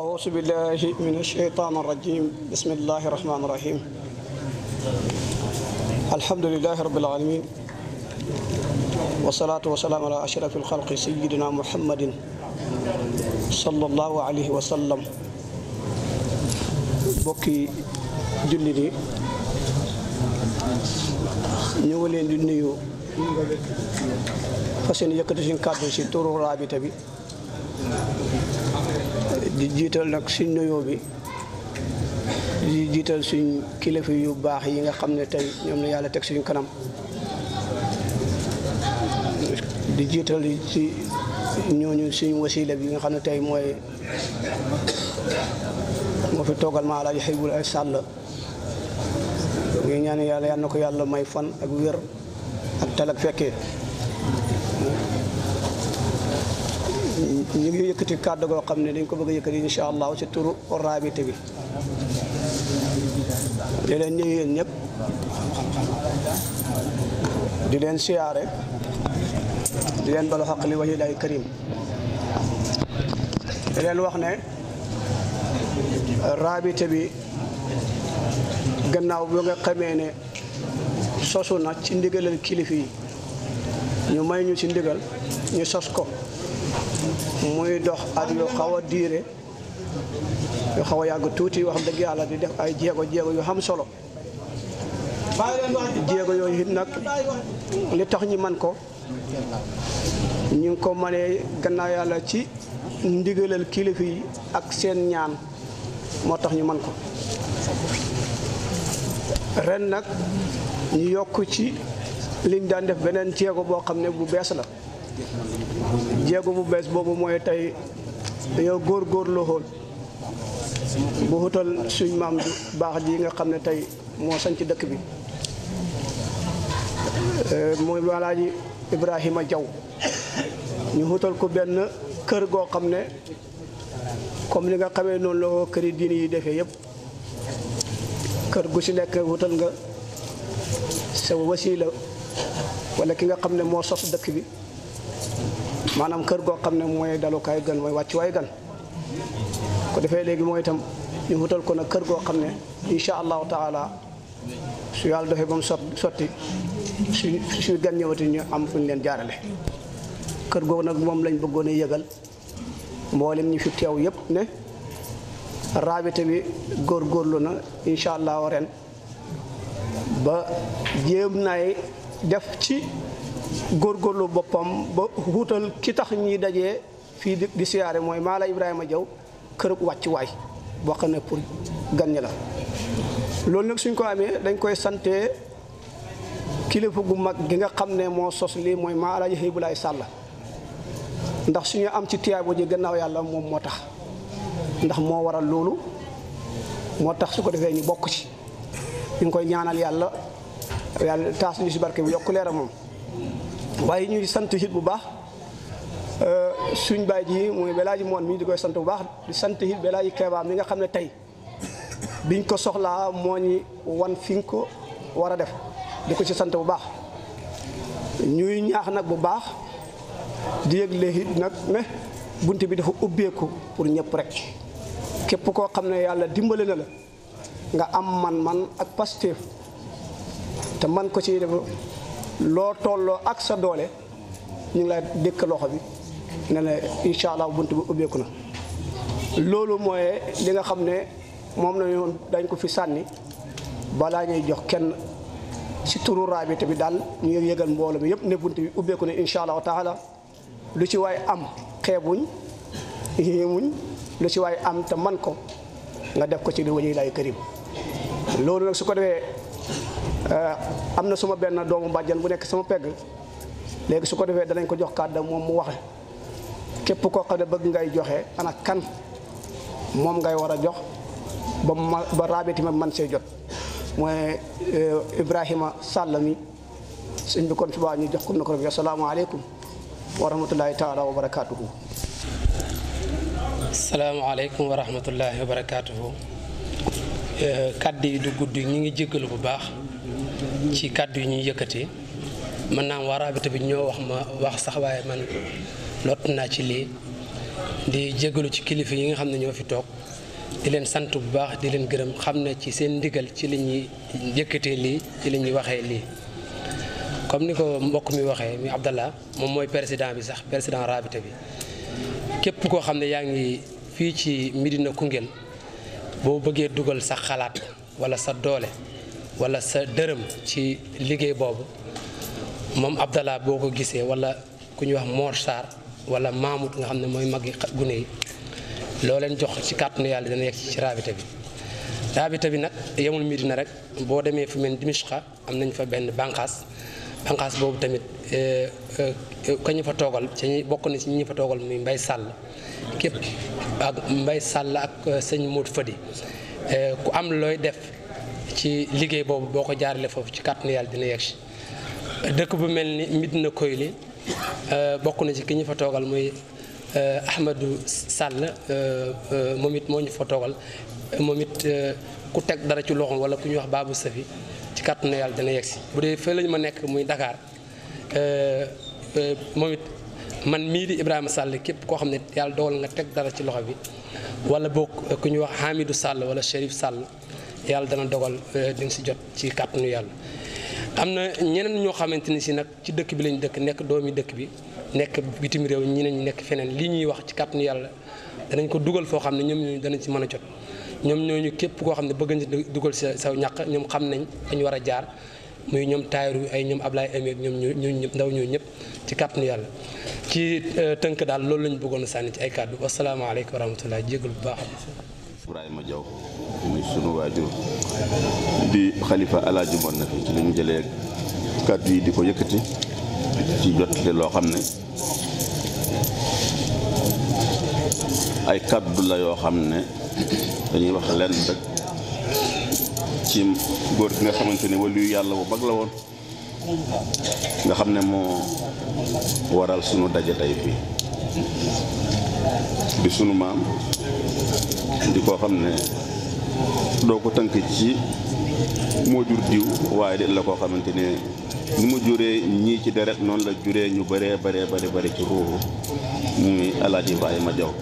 أعوذ بالله من الشيطان الرجيم بسم الله الرحمن الرحيم الحمد لله رب العالمين والصلاة والسلام على أشرف الخلق سيدنا محمد صلى الله عليه وسلم بكي جلدي yi ñu فسن يكتشن di سي تورو رابي تبي di jiital nag suñ nuyoo bi di jiital suñ kilifa yu baax yi nga xam ne tey ñoom la yàlla teg suñu kanam di jiital ci ñooñu suñ wasila bi nga xam ne tey mooy moo fi toogal ma alaaji xibul ay sàll ngay ñaan yàlla yal na ko yàlla may fan ak wér ak tal fekkee ñu ngi yëkkati kàdd goo xam ne dañ ko bëgg a yëkkati incha allahu ci turu raabita bi di leen ñëw yéen ñëpp di leen siyaare di leen balu xaq li waji karim di leen wax ne raabita bi gannaaw bi nga xamee ne sosu na ci ndigalal kilifa yi ñu may ñu ci ndigal ñu sos ko muy dox ak yu xaw a diire yu xaw a yàgg tuuti yoo dëgg yàlla di def ay jéego jéego yu xam solo jéego yooyu it nag li tax ñi man ko ñu ngi ko mënee gannaaw yàlla ci ndigalal kilifa yi ak seen ñaan moo tax ñu man ko ren nag ñu yokk ci liñ daan def beneen jéego boo xam ne bu bees la jéego bu bees boobu mooy tey dañoo góor xool bu xutal suñ maam ju baax ji nga xam ne tey moo sañ ci dëkk bi eh, mooy Alaaji Ibrahima Jaw ñu xutal ko benn kër goo xam ne comme li nga xamee noonu la kër këri diini yi defee yëpp kër gu si nekk xutal nga sa wasila walla ki nga xam ne moo sos dëkk bi maanaam kër goo xam ne mooy dalukaayu gan mooy wàccuwaayu gan ko defee léegi mooy itam ñu wutal ko nag kër goo xam ne incha allahu taala su yàlla doxee ba mu sotti su suñu gan ñëwati ñu am fu ñu leen jaarale kër googu nag moom lañ bëggoon a yëgal mboolem ñi fi teew yëpp ne raabita góor góorlu na incha allahu ren ba jéem naay def ci góor góorlu boppam ba wuutal ki tax ñuy daje fii di siyaare mooy Maala Ibrahima Jaw kërug wàccuwaay boo xam ne pour gan ñi la loolu nag suñ ko amee dañ koy sante kilifa gu mag gi nga xam ne moo sos lii mooy maa alaaji Hibulaay Sàll ndax suñu am ci tiyaabo ji gannaaw yàlla moom moo tax ndax moo waral loolu moo tax su ko defee ñu bokk ci ñu koy ñaanal yàlla yàlla taas ñu si barke bi yokku leera moom waaye ñuy sant it bu baax euh, suñ baay ji mooy Belaaji Moon mi di koy sant bu baax di sant it Belaaji Keeba mi nga xam ne tey biñ ko soxlaa moo ñi wan fi nga ko war a def di ko ci sant bu baax ñuy ñaax nag bu baax di yëg léegi nag ne bunt bi dafa ubbeeku pour ñëpp rek képp koo xam ne yàlla dimbale na la nga am man-man ak pastéef te man ko ci def loo tolloo ak sa doole ñu ngi lay dëkk loxo bi ne ne incha allah bunt bi ubbeeku na loolu mooy li nga xam ne moom la dañ ko fi sànni balaa ñuy jox kenn si turu raabi tamit daal ñu yëg yëgal mbooloo mi yëpp ne bunt bi ubbeeku na incha allah taala lu ci waay am xeebuñ yéemuñ lu ci waay am te man ko nga def ko ci li wajhi laahi karim loolu nag su ko defee Eh, am na su ma benn doomu bàjjan bu nekk sama pegg léegi su ko defee danañ ko jox kàdda moom mu waxe képp koo xam bëgg ngay joxe ana kan moom ngay war a jox ba ma ba raabiti ma man see jot mooy eh, Ibrahima Sall mi sëñ bi kon subaa ñu jox ko na ko rek asalaamaaleykum wa rahmatullahi taala wa barakaatuhu asalaamaaleykum wa rahmatullahi wa barakaatuhu eh, kàddu yi du gudd ñu ngi jéggalu bu baax ci kàddu yi ñuy yëkkati mën naa waraabita bi ñoo wax ma wax sax waaye man lott naa ci lii di jégalu ci kilifa yi nga xam ne ñoo fi toog di leen sant bu baax di leen gërëm xam ne ci seen ndigal ci lañuy ñuy lii ci lañuy waxee lii comme ni ko mbokk mi waxee mi Abdallah moom mooy président bi sax président rabita bi képp koo xam ne yaa ngi fii ci midina Koungheul boo bëggee dugal sa xalaat wala sa doole wala sa dërëm ci liggéey boobu moom Abdallah boo ko gisee wala ku ñuy wax Mor Sarr wala Mamoud nga xam ne mooy mag yi gune yi loo leen jox ci kàttanu yàlla dana yegg ci raabita bi raabita bi nag yemul Medina rek boo demee fu mel Dimishqa am nañ fa benn banqaas bànqaas boobu tamit eh, eh, ka ñu fa toogal ci ñi na ci ñi fa toogal muy Mbay Sàll képp ak Mbay Sàll ak eh, sëñ Modou Fadi ku am looy def ci liggéey bobu boko jaarale fofu ci carte yàlla dina yegg dëkk bu mel ni Médina euh bokku na ci kiñu fa togal muy euh Ahmadou Sall euh momit moñu fa togal momit ku tek dara ci loxom wala ku ñuy wax babu Safi ci carte yàlla dina yegg si bu dee fële lañ ma nek muy Dakar euh momit man mi di Ibrahima Sall kep ko xamne yàlla dogal nga tek dara ci loxo bi wala bok ku ñuy wax Hamidou Sall wala sherif Sall. yàlla dana dogal euh, di si jot ci kàttanu yàlla. am na ñeneen ñoo xamante ni si nag ci dëkk bi lañ dëkk nekk doomi dëkk bi nekk bitim réew ñeneen ñi nekk feneen lii ñuy wax ci kàttanu yàlla danañ ko dugal foo xam ne ñoom ñooñu danañ si mën a jot. ñoom ñooñu képp koo xam ne bëgg nañ dugal sa sa ñàq ñoom xam nañ dañu war a jaar muy ñoom bi ay ñoom ab Ablaye Amir ñoom ñooñu ñëpp ndaw ñooñu ñëpp ci kàttanu yàlla. ci euh, tënk daal loolu lañ bëggoon a sànni ci ay kàddu wasalaamaaleykum wa rahmatulah bu baax. Ibrahima Diaw. muy sunu waajur di xalifa alaaji moon na fi ci li ñu jëlee kàddu yi di ko yëkkati ci jottali loo xam ne ay kàddu la yoo xam ne dañuy wax lenn rek ci góor gi nga xamante ne waliyu yàlla bu mag la woon nga xam ne moo waral sunu daje tay fii di sunu maam di koo xam ne doo ko tënk ci moo jur diw waaye de la koo xamante ne ni ma juree ñii ci deret noonu la juree ñu bëree bëree bari bëri ci ruuxu muy alaaji Ibrahima Jaw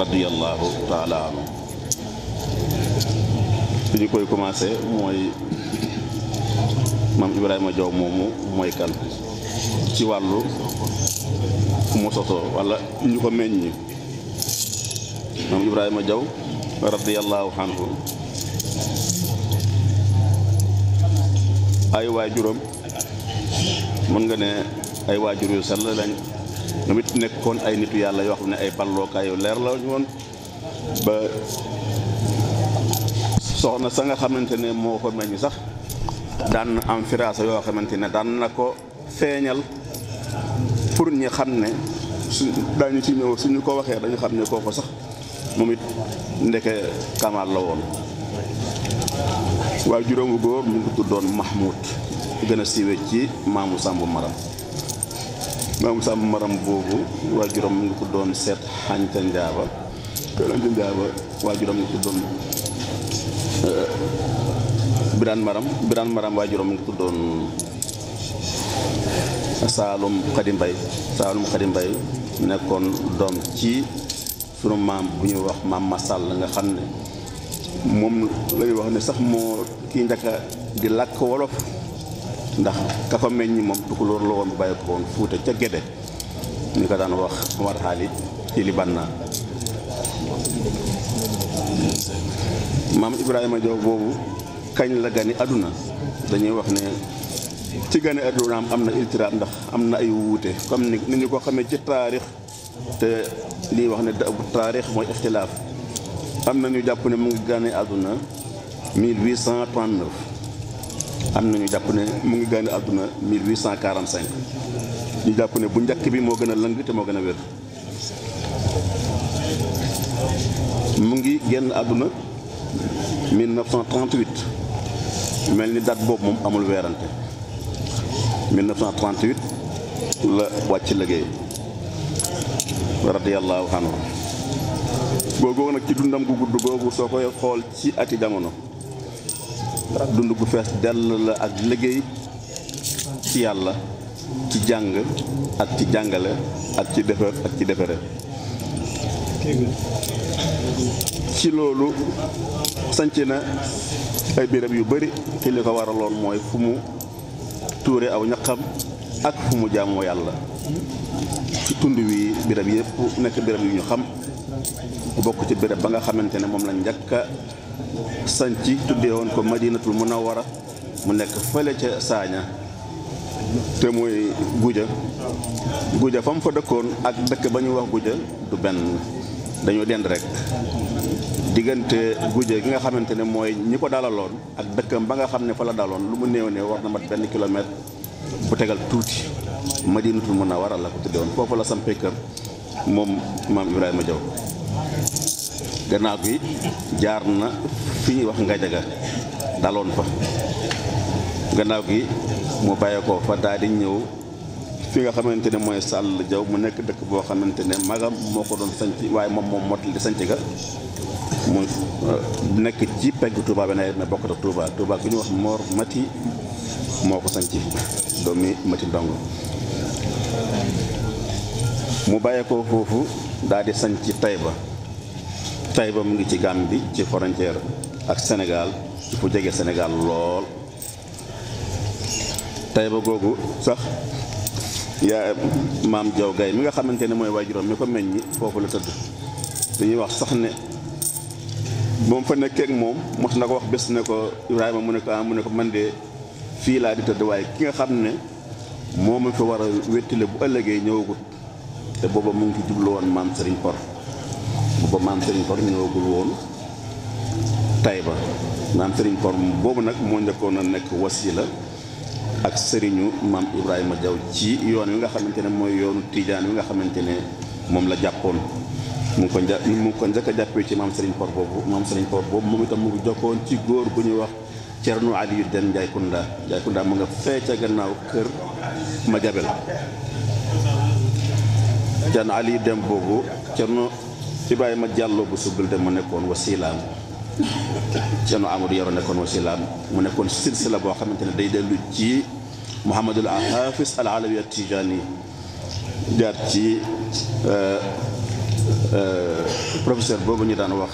radiyallahu taala anhu ñu koy commencé mooy maam Ibrahima Jaw moomu mooy kan ci wàllu mu sosoo wala ñu ko meññ maam Ibrahima Jaw radiyallahu anhu ay waajuram mën nga ne ay waajur yu sell lañ ñoom it nekkoon ay nitu yàlla yoo xam ne ay ballookaay yu leer la woon ba soxna sa nga xamante ne moo ko meññ sax daan am firaasa yoo xamante ne daan na ko feeñal pour ñi xam ne su daañu ci ñëw suñu ko waxee dañu xam ne kooku sax momit ndeke kamal la woon waaye juróomu góor mu ngi tuddoon mahmoud gëna a ci maamu sambu maram maamu sambu maram bobu wa jurom mu ngi tuddoon set hanta ndaba don ndaba wa juróom mu biran maram biran maram wa juróom mu ngi tuddoon salum eh, xadi bay salum xadi bay nekkon dom ci sunu maam bu ñuy wax maam ma sàll nga xam ne moom lañuy wax ne sax moo kii njëkka di làkk wolof ndax ka ko meññ moom tukulóor la woon bu bàyyi ko woon fuuta ca Gédé ñu ko daan wax Omar Xaalit ci li banna maam Ibrahima Diop boobu kañ la gane àdduna dañuy wax ne ci gane àddunaam am na iltiraab ndax am na ay wuute comme ni ni ñu ko xamee ci taarix te lii wax ne taarix mooy ixtilaaf am na ñu jàpp ne mu ngi gane àdduna 1839 am na ñu jàpp ne mu ngi gane àdduna 1845 ñu jàpp ne bu njëkk bi moo gën a lëng te moo gën a wér mu ngi génn àdduna 1938 mel ni date boobu moom amul weerante 1938 la wàcc liggéey radiyallahu anhu googu nag ci dundam gu gudd googu soo koy xool ci ati jamono dund gu fees dell la ak liggéey ci yàlla ci jàng ak ci jàngale ak ci defar ak ci defare ci loolu sanc na ay béréb yu bari te li ko waraloon mooy fu mu tuure aw ñaqam ak fu mu jaamoo yàlla ci tundu wi birab yepp nek birab yu ñu xam bokk ci birab ba nga xamantene mom la njëkk a sanci tuddee ko madinatul munawwara mu nek fele ci saña te moy guja guja fam fa dekkon ak dekk ba ñu wax guja du ben dañu dend rek diggante guja gi nga xamantene moy ñiko dalalon ak dekkam ba nga xam ne fa la dalon lu mu néew ne war na mat ben kilomètre bu tegal tuuti madinatul munawwara la ko tudde woon foofu la sampee kër moom maam Ibrahima Diaw gannaaw gi jaar na fi ñuy wax Ngajaga daloon fa gannaaw gi mu bàyyi fa daal di ñëw fi nga xamante ne mooy Sall Diaw mu nekk dëkk boo xamante ne magam moo ko doon sanc waaye moom moom mottali di sanc ga mu euh, nekk ci pegg Touba beneen mais bokk na Touba Touba ku ñu wax Mor Mati moo ko sanc doomi mati ndongo mu bàyyee foofu daal di sanc Taïba Taïba mu ngi ci Gambie ci frontière ak Sénégal fu jege Sénégal lool Taïba googu sax yaa maam Jaw Gay mi nga xamante ne mooy waajuram mi ko meññi foofu la tëdd ñuy wax sax ne moom fa nekkeek moom mos na ko wax bés ne ko Ibrahima mu ne ko ah mu ne ko man dee fii laa di tëdd ki nga xam ne moo ma fi war a wettile bu ëllëgee ñëwagut te booba mu ngi ci jublu woon maam Serigne Por booba maam Serigne Por ñëwagul woon Taïba maam boobu nag moo njëkkoon a nekk wasila ak sëriñu maam Ibrahima Diaw ci yoon wi nga xamante ne mooy yoonu Tiijaan wi nga xamante ne moom la jàppoon mu ngi ko ja mu ko njëkk a jàppee ci maam Serigne Por boobu maam Serigne Por boobu moom itam mu ngi jokkoon ci góor bu ñuy wax. Cerno Aliyu Den Njaay Kunda Njaay Kunda mu nga fee gannaaw kër ma jabel Cerno Aliyu Den boobu Cerno ma Jàllo bu subbil dem mu nekkoon wasilaam Cerno Amadou Yoro nekkoon wasilaam mu nekkoon silsila boo xamante ne day dellu ci Muhammadul Haafis al Alawi Tijaani jaar ci euh, euh, professeur boobu ñu daan wax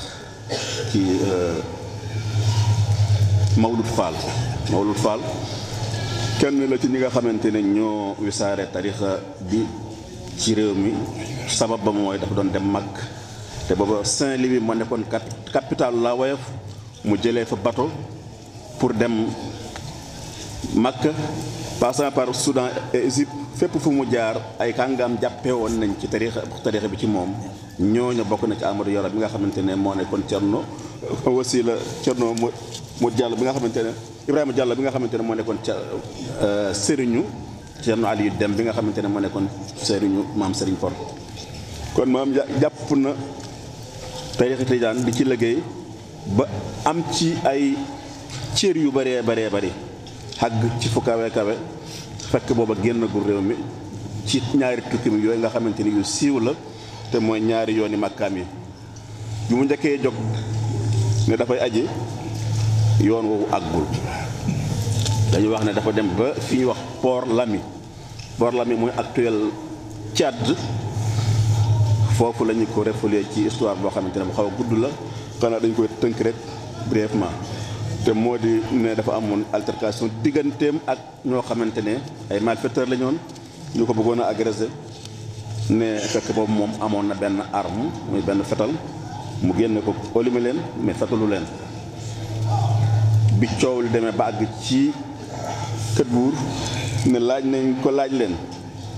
ci euh, Mawlud Fall Mawlud Fall kenn la ci ñi nga xamante ne ñoo wisaare tarixa bi ci réew mi sabab ba mooy dafa doon dem mag te booba Saint-Louis moo nekkoon capitale la woyof mu jëlee fa bato pour dem Makka passant par Soudan et Égypte fépp fu mu jaar ay kàngam jàppee woon nañ ci tarixa tarixa bi ci moom ñooñu bokk na ci Amadou Yoro bi nga xamante ne moo nekkoon Cerno Wasila Cerno mu mu Jàll bi nga xamante ne Ibrahima Jàll bi nga xamante ne moo nekkoon ca euh, sëriñu Cerno Aliou Dem bi nga xamante ne moo nekkoon sëriñu maam sëriñ Por kon maam jàpp na tarixa tijaan di ci liggéey ba am ci ay cër yu bëree bëree bëri xàgg ci fu kawe kawe fekk booba génnagul réew mi ci ñaari tukki mi yooyu nga xamante ni yu siiw la te mooy ñaari yooni màkkaam yi bi mu njëkkee jog ne dafay aji yoon woowu àggul dañu wax ne dafa dem ba fi ñuy wax Port Lami Port Lami mooy actuelle Tchad foofu la ñu ko refoulé ci histoire boo xamante ne bu xaw gudd la xanaa dañ koy tënk rek brièvement te moo di ne dafa amoon altercation digganteem ak ñoo xamante ne ay malfaiteurs la ñu ko bëggoon a agressé ne fekk boobu moom amoon na benn arme muy benn fetal mu génne ko olimi leen mais fetalu leen bi coow li demee ba àgg ci kët buur ne laaj nañ ko laaj leen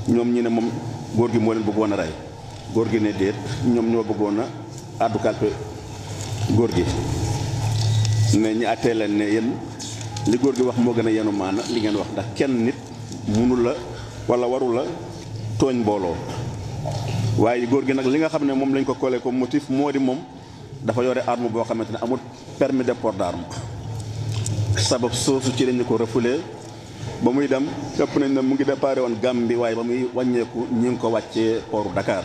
ñoom ñi ne moom góor gi moo leen bëggoon a rey góor gi ne déet ñoom ñoo bëggoon a àddu kalpe góor gi mais ñu attee leen ne yéen li góor gi wax moo gën a yenu maana li ngeen wax ndax kenn nit munu la wala waru la tooñ mbooloo waaye góor gi nag li nga xam ne moom lañ ko collé comme motif moo di moom dafa yore arme boo xamante ne amul permis de port d'arme sabab soosu ci lañu ko refoulé ba muy dem jàpp nañ ne mu ngi déparé woon bi waaye ba muy wàññeeku ñi ngi ko wàccee port Dakar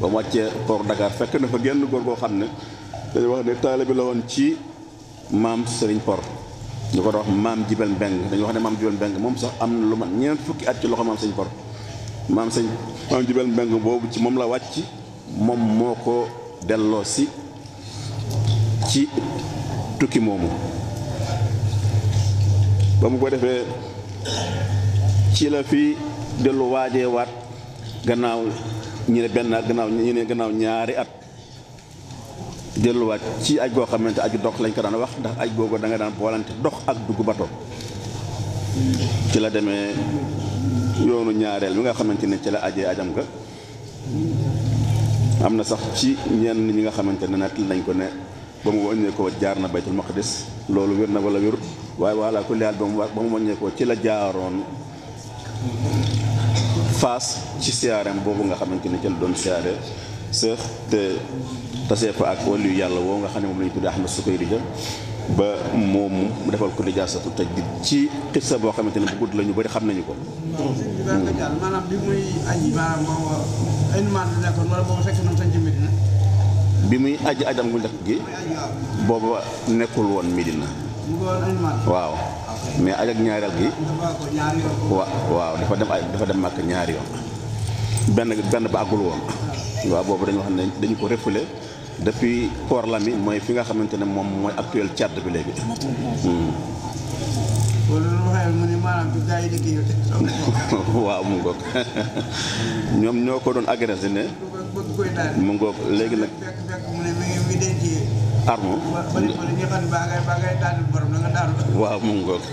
ba mu wàccee port Dakar fekk na fa genn góor goo xam ne dañu wax ne Mam serigne por ñu ko wax mam jibel beng dañ wax ne mam jibel mam mom sax am lu man ñeen fukki at ci loxo mam serigne por mam serigne mam jibel mam bobu ci mom la wacc mom moko delo ci ci tukki momu bam ko defé ci la fi delu waajee wat gannaaw ñu ne gannaaw ñu ne gannaaw ñaari at jëluwaat ci aj goo xamante aju dox lañ ko daan wax ndax aj googu da nga daan boolante dox ak dugg bato ci la demee yoonu ñaareel bi nga xamante ne ci la ajee ajam nga am na sax ci ñenn ñi nga xamante ne nettal nañ ko ne ba mu wàññee ko jaar na baytul maqdis loolu wér na walla wérut waaye wala ku leal ba mu ba mu wàññee ci la jaaroon faas ci siyaareem boobu nga xamante ne ci la doon siyaare seex te tasee fa ak wàllu yàlla woo nga xam ne moom la ñu tuddee Ahmad Sukayri ja ba moom mu defal ko nijaasatu tajdid ci xissa boo xamante ne bu gudd la ñu bëri xam nañu ko. maanaam bi muy aji la nekkoon wala bi muy aj ajam gu njëkk gi. booba nekkul woon Medina. waaw. mais aj ak ñaareel gi. waaw dafa dem ay dafa dem màkk ñaari yoon. benn benn ba àggul woon. waaw boobu dañu wax ne dañu ko refoulé. depuis Koor Lami mooy fi nga xamante ne moom mooy actuel Tchad bi léegi. Ah, hmm. waaw mu ngoog ñoom ñoo ko doon agressé ne mu ngoog léegi nag arme waaw mu ngoog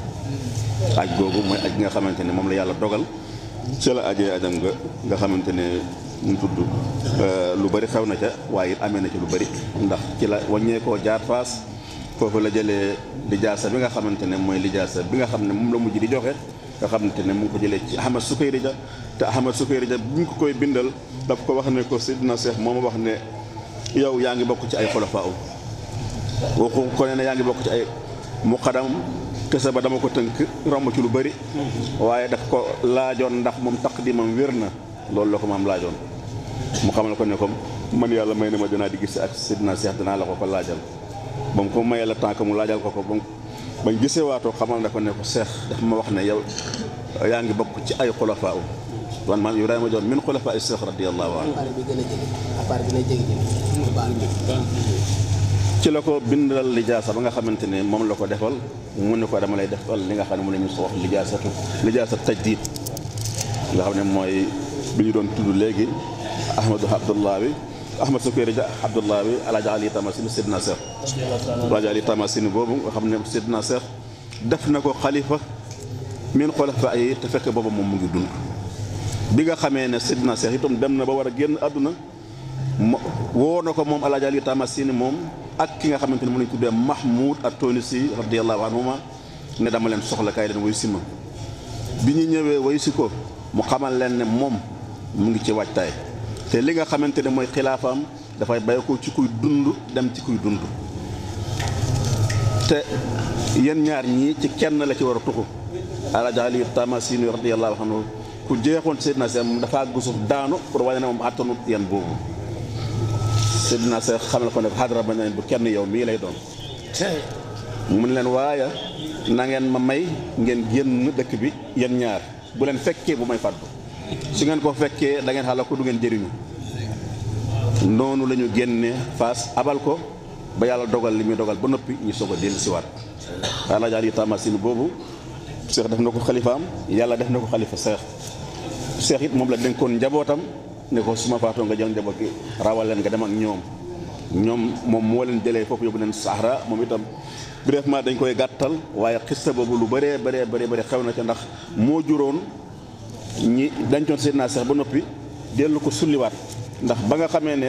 aj googu mooy aj nga xamante ne moom la yàlla dogal ci la ajee ajam nga nga xamante ne mu tudd euh, lu bari xew na ca waaye it amee na ci lu bari ndax ci la wàññeekoo jaar faas foofu la jëlee lijaasa bi nga xamante ne mooy lijaasa bi nga xam ne moom la mujj di joxe nga xamante ne mu ngi ko jëlee ci Ahmad Sukayri ja te Ahmad Sukayri ja bi ñu ko koy bindal daf ko wax ne ko Sidna Seex moo ma wax ne yow yaa ngi bokk ci ay xulafaa waxu ko ne ne yaa ngi xisa ba dama ko tënk romb ci lu bëri mhm. waaye daf ko laajoon ndax moom taqdimam wér na loolu la ko ma maam laajoon mu xamal ko ne comme man yàlla may na ma dinaa di gis ak sidna seex dinaa la ko ko laajal ba mu ko mayee la tànk mu laajal ko ko ba mu bañ gisee waatoo xamal na ko ne ko seex daf ma wax ne yow yaa ngi bokk ci ay xulafaa u wan maam ma Joon min xulafaa i seex radiyallahu anhu ci la ko bindal lijaasa ba nga xamante ne moom la ko defal mu ne ko dama lay defal li nga xam ne mu la ñu ko wax lijaasatu lijaasa tajdiid nga xam ne mooy bi ñu doon tudd léegi ahmadu abdullah bi ahmad sukeri abdullah bi alaaji ali tamasini sidna seex alaaji ali tamasini boobu nga xam ne sidna seex def na ko xalifa min xulafa yi te fekk booba moom mu ngi dund bi nga xamee ne sidna seex itam dem na ba war a génn àdduna woo na ko moom alaaji ali moom ak ki nga xamante ne mën nañ tuddee Mahmoud at-Tunisi radiyallahu anhuma ne dama leen soxla kaay leen way si ma bi ñu ñëwee way si ko mu xamal leen ne moom mu ngi ci waajtaay te li nga xamante ne mooy xilaafaam dafay bàyyi ko ci kuy dund dem ci kuy dund te yéen ñaar ñii ci kenn la ci war a tuxu alaaj ali tamasini radiyallahu ku jeexoon ci Seydina Seex moom dafa àgg suuf daanu pour wane ne moom àttanut yan boobu Seydina Seex xamal ko ne ko xadra ba ne bu kenn yow mii lay doon mu leen waaye na ngeen ma may ngeen génn dëkk bi yéen ñaar bu leen fekkee bu may fàddu su ngeen ko fekkee da ngeen ko du ngeen jëriñu noonu lañu ñu génne faas abal ko ba yàlla dogal li muy dogal ba noppi ñu soog a dellu si waat ala jaar yi tamasin boobu seex def na ko xalifaam yàlla def na ko xalifa seex seex it moom la dénkoon njabootam ne ko suma faato nga jël njaboot rawal len nga dem ak ñom ñom mom mo len jëlee fofu yobu len sahara mom itam ma dañ koy gattal waye xista bobu lu bare bare bare bare xewna ci ndax mo juron ñi dañ ton naa sax ba nopi delu ko wat ndax ba nga xamé ne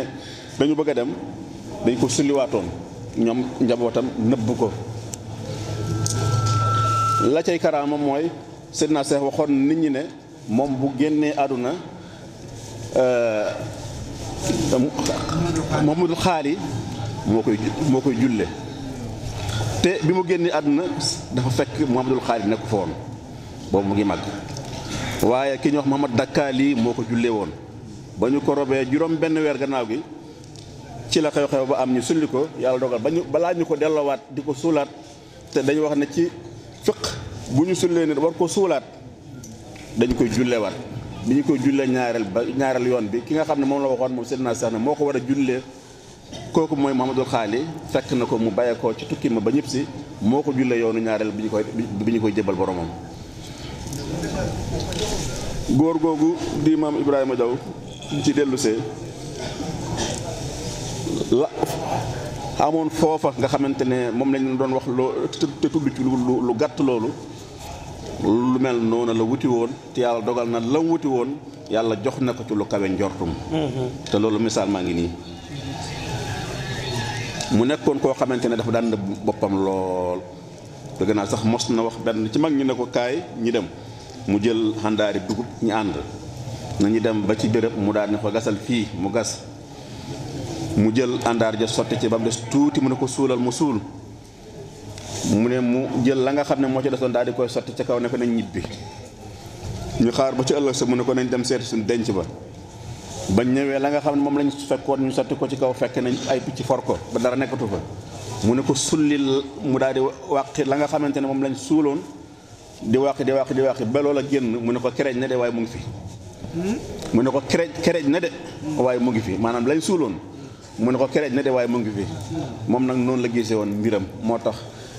dañu bëgg dem dañ ko sulliwaatoon ñom njabotam nëbb ko la cey karama moy seen sax waxon nit ñi ne mom bu génné aduna Mouhamadou Xaali moo koy moo koy julle te bi mu génnee àdduna dafa fekk Mouhamadou Xaali nekk fa woon boobu mu ngi mag waaye ki ñu wax Mouhamad Dakkaali moo ko jullee woon ba ñu ko robee juróom benn weer gannaaw gi ci la xew-xew ba am ñu sulli ko yàlla dogal ba ñu balaa ñu ko delloowaat di ko suulaat te dañu wax ne ci fiq bu ñu sullee ne war ko suulaat dañ koy jullewaat bi ñu koy jullee ñaareel ba ñaareel yoon bi ki nga xam ne moom la waxoon moom Seydina sax ne moo ko war a jullee kooku mooy Muhammadul Xaali fekk na ko mu bàyyeekoo ci tukki ma ba ñëpp si moo ko jullee yoonu ñaareel bi ñu koy bi ñu koy jëbal boromam. góor googu di maam Ibrahima Diaw ci dellusee amoon foofa nga xamante ne moom lañ doon wax loo te tudd ci lu lu gàtt loolu. lu mel noonu la wuti woon te yàlla dogal na lam wuti woon yàlla jox na ko ci lu kawe njortum mm-hmm. te loolu misaal maa ngi nii mu nekkoon koo xamante ne dafa daan nëbb boppam lool dëgg naa sax mos na wax benn ci mag ñu ne ko kaay ñi dem mu jël xandaari dugub ñu ànd nañu dem ba ci béréb mu daal ne ko gasal fii mu gas mu jël àndaar ja sotti ci ba mu tuuti mu ne ko suulal mu suul mu ne mu jël la nga xam ne moo ci desoon daal di koy sotti ca kaw ne ko nañ ñibbi ñu xaar bu ci ëllëg sa mu ne ko nañ dem seeti suñ denc ba ba ñëwee la nga xam ne moom lañ fekkoon ñu sotti ko ci kaw fekk nañ ay picc for ba dara nekkatu fa mu ne ko sullil mu daal di wàqi la nga xamante ne moom lañ suuloon di wàqi di wàqi di wàqi ba loola génn mu ne ko kereej na de waaye mu ngi fi mu ne ko kereej kereej na de waaye mu ngi fi maanaam lañ suuloon mu ne ko kereej na de waaye mu ngi fi moom nag noonu la gisee woon mbiram moo tax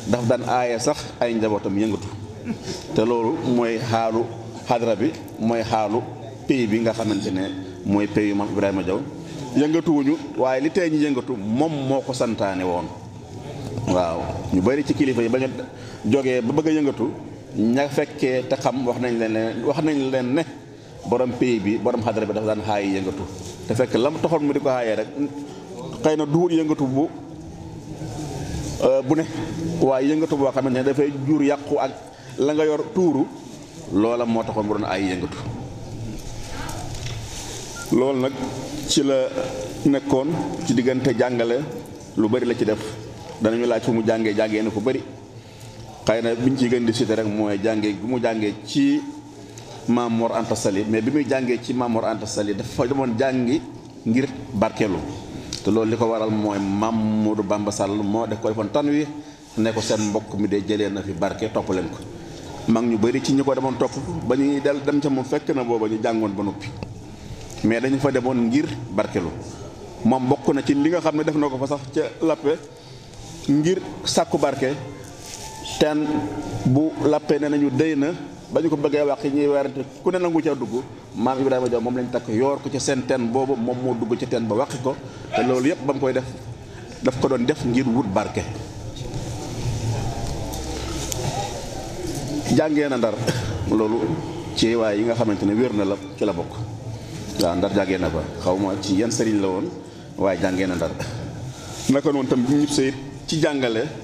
daf daan aaya sax ay njabootam yëngatu te loolu mooy xaalu xadra bi mooy xaalu pays bi nga xamante ne mooy pays yu maam Ibrahima jaw yëngatuwuñu waaye li tey ñu yëngatu moom moo ko santaane woon waaw ñu bari ci kilifa yi ba ñu jógee ba bëgg a yëngatu ña fekkee te xam wax nañ leen wax nañ leen ne borom pays bi borom xadra bi dafa daan xaayi yëngatu te fekk lam taxoon mu di ko xaayee rek xëy na duur yëngatu bu Euh, bu ne waa yëngatu boo xamante ne dafay jur yàqu ak la nga yor tuuru loola moo taxoon mu doon ay yëngatu loolu nag ci la nekkoon ci diggante jàngale lu bari la ci def danañu laaj fu mu jàngee jàngee na ko bari xëy na biñ ciy gën di cité rek mooy jàngee bu mu jàngee ci maam Mor Anta mais bi muy jàngee ci maam Mor Anta Sali dafa demoon jàngi ngir barkeelu te loolu li ko waral mooy Mamadou Bamba sàll moo def ko defoon tan wi ne ko seen mbokk mi de jëlee na fi barke topp leen ko mag ñu bëri ci ñu ko demoon topp ba ñuy del dem ca moom fekk na booba ñu jàngoon ba noppi mais dañu fa demoon ngir barkelu moom bokk na ci li nga xam ne def na ko fa sax ca lappe ngir sàkku barke ten bu lappe ne nañu dëy na ba ñu ko bëggee wax ñuy werante ku ne nangu caa dugg maam Ibrahima Diaw moom lañ takk yoor ko ca seen teen boobu moom moo dugg ca teen ba wàqi ko te loolu yëpp ba mu koy def daf ko doon def ngir wut barke jàngee na ndar loolu ci waaye yi nga xamante ne wér na la ci la bokk waaw ndar jàngee na ba xawma ci yan sëriñ la woon waaye jàngee na ndar naka noonu tam ñëpp sayit ci jàngale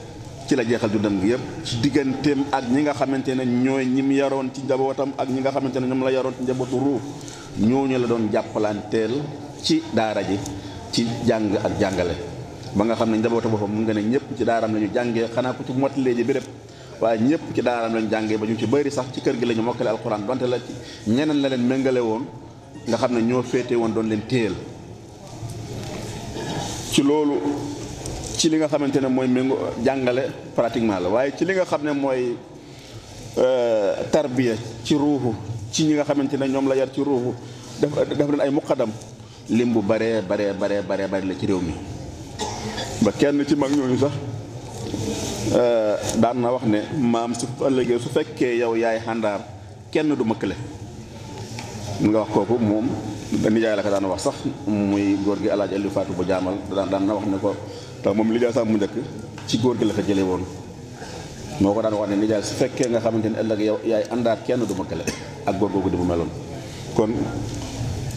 ci la jeexal dundam gi yëpp ci digganteem ak ñi nga xamante ne ñooy ñi mu yaroon ci njabootam ak ñi nga xamante ne ñoom la yaroon ci njabootu ruuf ñooñu la doon teel ci daara ji ci jàng ak jàngale ba nga xam ne njabootu boppam mun nga ne ñëpp ci daaram la ñu jàngee xanaa ku ci mottalee ji béréb waaye ñëpp ci daaram lañu jàngee ba ñu ci bëri sax ci kër gi la ñu mokkale alxuraan donte la ci ñeneen la leen méngale woon nga xam ne ñoo féete woon doon leen téyel ci li nga xamante ne mooy méngo jàngale pratiquement la waaye ci li nga xam ne mooy euh, tarbiya ci ruuxu ci ñi nga xamante ne ñoom la yar ci ruuxu def def nañ ay muqadam lim bu baree baree baree baree bari la ci réew mi ba kenn ci mag ñooñu sax euh, daan na wax ne maam su ëllëgee su fekkee yow yaay xàndaar kenn du mëkkale mu nga wax kooku moom nijaay la ko daan wax sax muy góor gi alaaj Aliou Fatou bu jaamal daan na wax ne ko ndax moom lijaasa mu njëkk ci góor gi la ko jëlee woon moo ko daan wax ne nijaay su fekkee nga xamante ne ëllëg yow yaay àndaat kenn du ma kële ak góor googu di mu meloon kon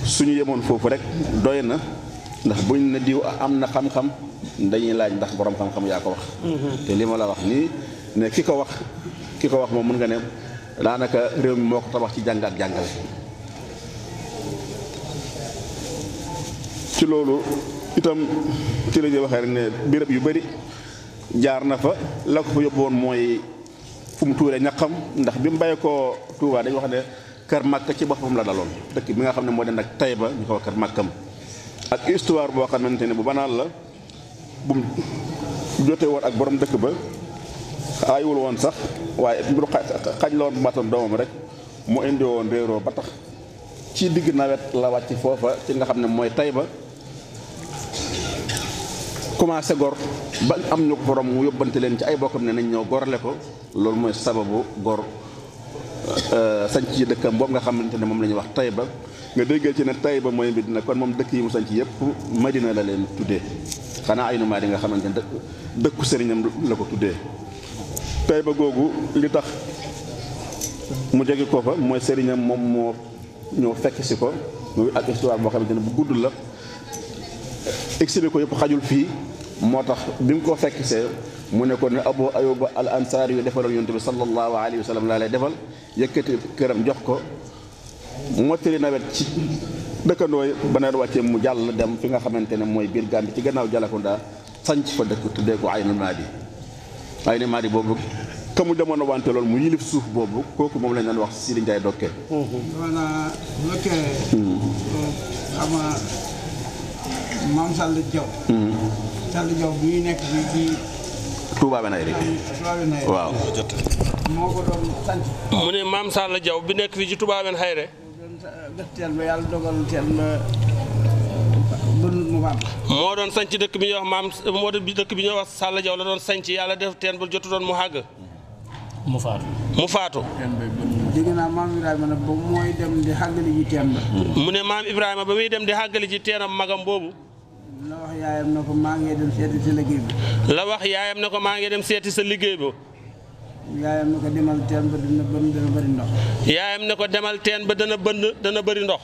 suñu yemoon foofu rek doy na ndax buñ ne diw am na xam-xam dañuy laaj ndax borom xam-xam yaa ko wax mhm. te li ma la wax nii ne ki ko wax ki ko wax moom mën nga ne daanaka réew mi moo ko tabax ci jàng ak jàngale ci loolu itam ci la waxee rek ne béréb yu bari jaar na fa la ko fa yóbbu woon mooy fu mu tuuree ñaqam ndax bi mu bàyyi ko tuubaa dañu wax ne kër Màkka ci boppam la daloon dëkk bi nga xam ne moo den ak Taïba ñu Màkkam ak histoire boo xamante ne bu banaan la bu mu woon ak borom dëkk ba aayul woon sax waaye mbiru xaj la woon rek mu indi woon réeroo ba tax ci digg nawet la wàcc foofa ci nga xam ne mooy ba commencé gor ba am ñu borom mu yóbbante leen ci ay bokkam ne nañ ñoo gorale ko loolu mooy sababu gor euh, sanc ci dëkkam boobu nga xamante ne moom la ñuy wax Tayba nga déggal ci ne Tayba mooy Medina kon moom dëkk yi mu ci yëpp Madina la leen tuddee xanaa ay numaa di nga xamante ne dëkku sëriñam la ko tuddee Tayba googu li tax mu jóge ko fa mooy sëriñam moom moo ñoo fekk si ko muy ak histoire boo xamante ne bu gudd la exilé ko yëpp xajul fii moo tax bi mu ko fekk see mu ne ko ne abu ayuba al ansaari yu defaloon yonent bi sallallahu alayhi wa sallam laa lay defal yëkkati këram jox ko mottali nawet ci dëkkandoo ba nawet wàccee mu jàll dem fi nga xamante ne mooy biir Gàmbi ci gannaaw Jalakounda sanc fa dëkk tuddee ko Aynu Maadi Aynu Maadi boobu ka mu demoon a wante loolu mu yilif suuf boobu kooku moom lañ daan wax Sidi Ndiaye Dokke. voilà Dokke. xam nga. maam Sall Diaw. Mhm. Sall Diaw bi nekk fii ci. Touba Benayri. waaw. mu ne maam Sall Diaw bi nekk fii ci Touba Benayri. ba yàlla dogal teel ba moo doon sanc dëkk bi ñuy wax maam moo doon dëkk bi ñuy wax Sall Diaw la doon sanc yàlla def teen ba jotu doon mu àgg. mu faatu. mu faatu. dégg naa ne maam Ibrahima ba muy dem di xàggali ji teenam magam boobu. la wax yaayam na ko maa ngi dem seeti sa liggéey ba. la wax yaayam na ko maa ngi dem seeti sa liggéey ba. yaayam na ko demal teen ba dana dana bëri ndox. yaayam na ko demal teen ba dana bënd dana bëri ndox.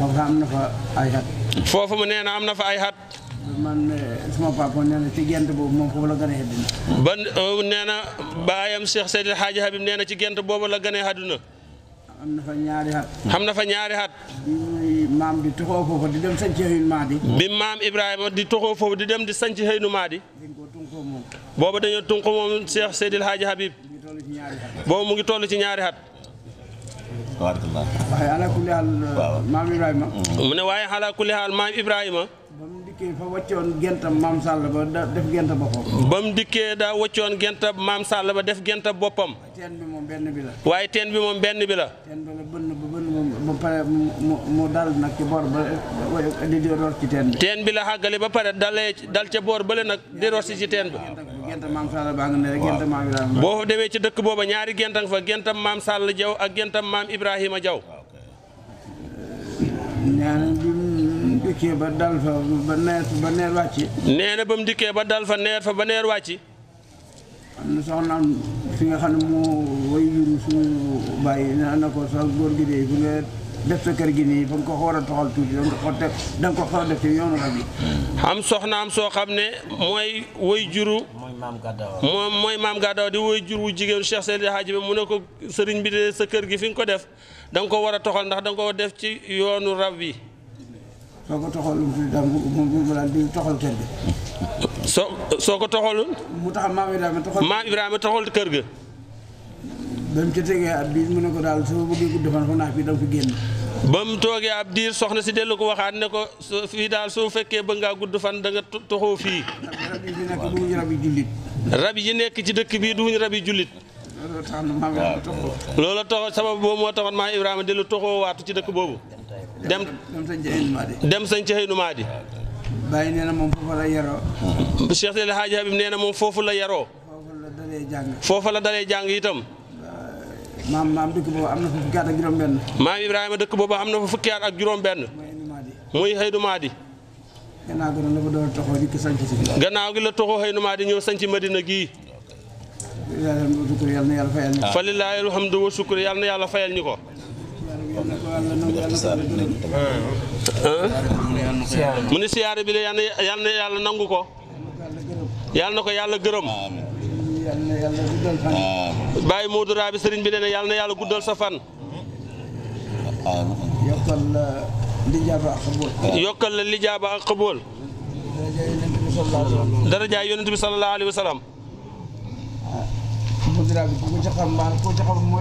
foofu am na fa ay mu nee na am na fa ay xat. man sama papa nee na ci gent boobu moom foofu la gën a àdduna. Euh, nee na baayam Cheikh sedd Hadji Habib nee na ci gent boobu la gën a àdduna. am na fa ñaari at. xam na fa ñaari at. bi maam di toxoo foofu di dem sanc xëynu maadi. bi maam Ibrahima di toxoo foofu di dem di sanc xëynu maadi. booba dañoo tunq moom Cheikh Seydil Hadji Habib. booba mu ngi toll ci ñaari at. mu ne waaye ala kulli haal maam Ibrahima. dikkee fa waccoon gentam maam Sall ba def genta boppam. ba mu dikkee daa waccoon genta maam Sall ba def genta boppam. waaye teen bi moom benn bi la. waaye teen bi moom benn bi la. teen ba bënn ba bënn moom ba pare mu mu dal nag ci boor ba di di teen bi. la xàggale ba pare dalee dal ca boor bële nag di root si ci teen bi. gent maam Sall nga ne rek gent maam Ibrahima. boo fa demee ci dëkk booba ñaari gentam fa gentam maam Sall Jaw ak gentam maam Ibrahima Jaw. dikkee ba dal fa ba neer ba neer wàcc. ba dikkee ba dal fa neer fa ba neer wàcc. na soxnaam fi nga xam ne moo way juru suñu bàyyi ko sax gi de bu def gi nii ba ko xool a da ko def da ci yoonu rab yi. am soxnaam soo xam ne mooy way juru. mooy maam Gaddawa moom mooy maam Gaddawa di way juru jigéenu Cheikh Seydi Hadji bi mu ne ko sëriñ bi de sa kër gi fi nga ko def da ko war a toxal ndax da ko def ci yoonu rab yi. soo ko toxalul daan moom mu daal di toxal kër ga. soo soo ko toxalul. mu tax maam Ibrahima toxal maam Ibrahima toxal kër ga. ba mu ca tegee ab diir mu ne ko daal bi da nga ko ba mu toogee ab diir soxna si dellu ko waxaat ne ko fii daal soo fekkee ba ngaa gudd fan da nga toxoo fii. rab yi nekk ci dëkk bii duñu rab yi jullit. loolu tax na maam boobu moo taxoon maam Ibrahima dellu toxoo waatu ci dëkk boobu. dem dem sëñ ci xëynu maadi bàyyi nee na moom foofu la yaroo Cheikh Seydi Hadji Habib nee na moom foofu la yaroo foofa la dalee jàng itam maam maam dëkk na fa fukki at ak dëkk boobu am na fa fukki ak juróom-benn muy xëynu maadi gannaaw gi la doon toxoo dikk sanc si gannaaw gi la toxoo xëynu maadi ñëw sanc Madina gii fa lillahi alhamdu wa shukr yàlla na yàlla fayal ñu ko mu yal na yàlla nangu ko yal na ko yàlla gërëm bàyyi Modou Rabi sëriñ bi yal na yàlla guddal sa fan yokkal la lijaaba ak xabool bi sallallahu alayhi wa ci xam baax na ku mu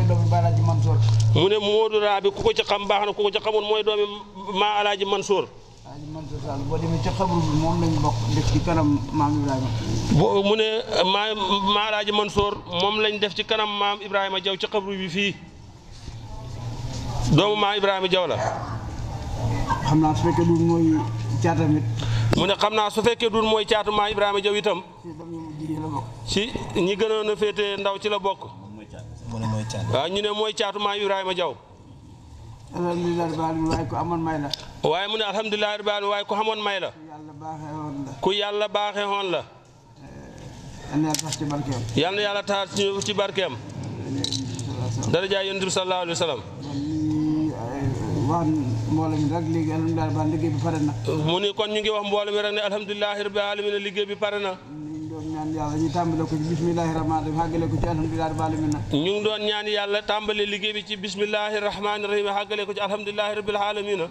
ne Modou Rabi ku ko ci xam baax na ku ko ci xamul mooy doomi ma alaaji Mansour. demee ci xabru moom lañ bokk def ci kanam maam Ibrahima. boo mu ne ma ma alaaji Mansour moom lañ def ci kanam maam Ibrahima jaw ci xabru bi fii doomu maam Ibrahima Diaw la. xam naa su fekkee du mooy mu ne xam naa su fekkee du mooy caatu maam Ibrahima Diaw itam. ci ñi gënoon a féete ndaw ci la bokk. mu ne mooy caatu. Ah, ñu ne mooy caatu maa Ibrahima a alhamdulilah waaye ku amoon may la. waaye mu ne alhamdulilah waaye ku amoon may la. ku yàlla baaxee woon la. Eh, yal na yàlla tax ci barkeem. yal na yàlla tax ci barkeem. daraja yonent bi sallallahu alayhi wa sallam. mu ni kon ñu ngi wax mbooloo mi rek ne alhamdulilah rabbil alamin liggéey bi pare na. doon ñaan yàlla ñu tàmbale ko ci bismillahi rahmaani rahim àggale ko ci alhamdulillahi rabbil alamin ñu ngi doon ñaan yàlla tàmbale liggéey bi ci bismillahi rahmaani rahim àggale ko ci alhamdulillahi rabbil alamin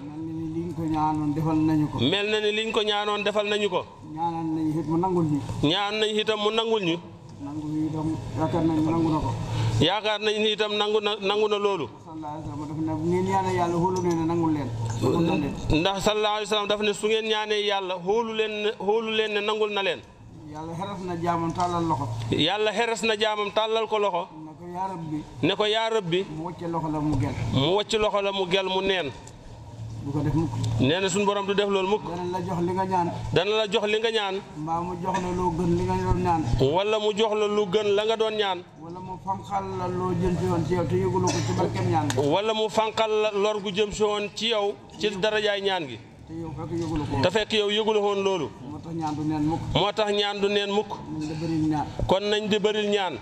ko ñaanoon defal nañu ko mel na ni liñ ko ñaanoon defal nañu ko ñaanoon nañu it mu nangul ñu ñaan nañ itam mu nangul ñu nangu itam yaakaar na ko yaakaar na nangu na loolu ndax sallallahu alayhi wa sallam daf ne su ngeen ñaanee yàlla xóolu leen ne xóolu leen ne nangul na leen yalla heres na jaamam talal loxo yalla heres na jaamam talal ko loxo nako ya rabbi nako ya rabbi mu wacce loxo la mu gel mu wacce loxo la mu gel mu neen du ko def mukk neena sun borom du def lool mukk dana la jox li nga ñaan dana la jox li nga ñaan ma mu jox la lo gën li nga doon ñaan wala mu jox la lu gën la nga doon ñaan wala mu fankal la lo jëm ci won ci yow te yegulu ko ci barkem ñaan wala mu fankal la lor gu jëm ci won ci yow ci dara jaay ñaan gi te yow fek yegulu ko te fek yow yegulu hon lolu moo tax ñaan du neen mukk kon nañ di bëril ñaan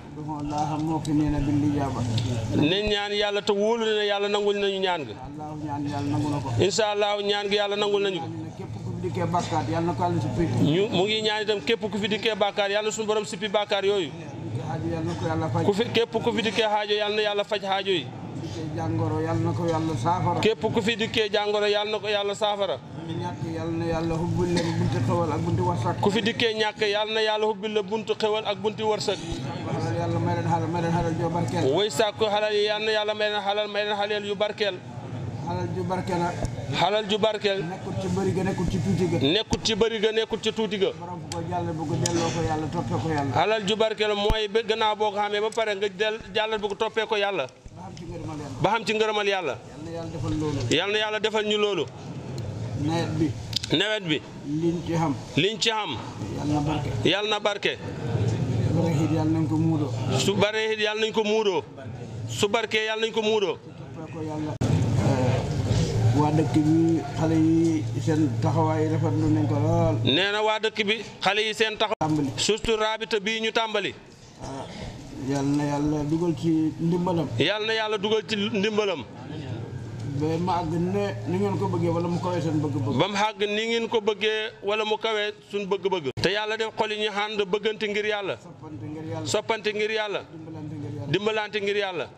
ne ñaan yàlla te wóolu ne yàlla nangul nañu ñaan ga incha allahu ñaan gi yàlla nangul nañu ko ñu mu ngi ñaan itam képp ku fi dikkee bàkkaar yàlla suñu borom sippi bàkkaar yooyu ku fi képp ku fi dikkee xaajo yàlla na yàlla faj xaajo jàngoro yal na ko yàlla saafara ku fi dikkee jàngoro yal na ko yàlla saafara ku fi ñàkk yal na yàlla na yàlla hubbil la buntu xewal ak bunti warsak yàlla may leen way sàkku xalal yi na yàlla may leen xalal may leen xalal yu barkeel xalal ju barkel xalal ju barkeel nekkul ci bëri ga nekkul ci tuuti ga nekkul ci bëri ga nekkul ci tuuti ga borom ko jàll bu ko delloo ko yàlla toppee ko yàlla xalal ju barkel mooy ba gannaaw boo ko ba pare nga del jàllal bu ko toppee ko yàlla ba xam ci ngërëmal yàlla. yal na yàlla defal ñu loolu. nawet bi. nawet bi. liñ ci xam. liñ ci xam. yal na barke. su baree it nañ ko muudoo. su yàlla nañ ko muudoo. Eh, waa dëkk bi xale yi seen taxawaay rafetlu nañ ko lool. waa dëkk bi xale yi seen taxawaay. surtout rabita bii ñu tàmbali. Ah. yalla yalla duggal ci ndimbalam yalla yalla duggal ci ndimbalam ba ma ne ni ngeen ko beugé wala mu kawé seen beug beug bam hag ni ngeen ko beugé wala mu kawé sun beug beug te yalla def xol ñi hand bëggante ngir yalla soppante ngir yalla dimbalante ngir yalla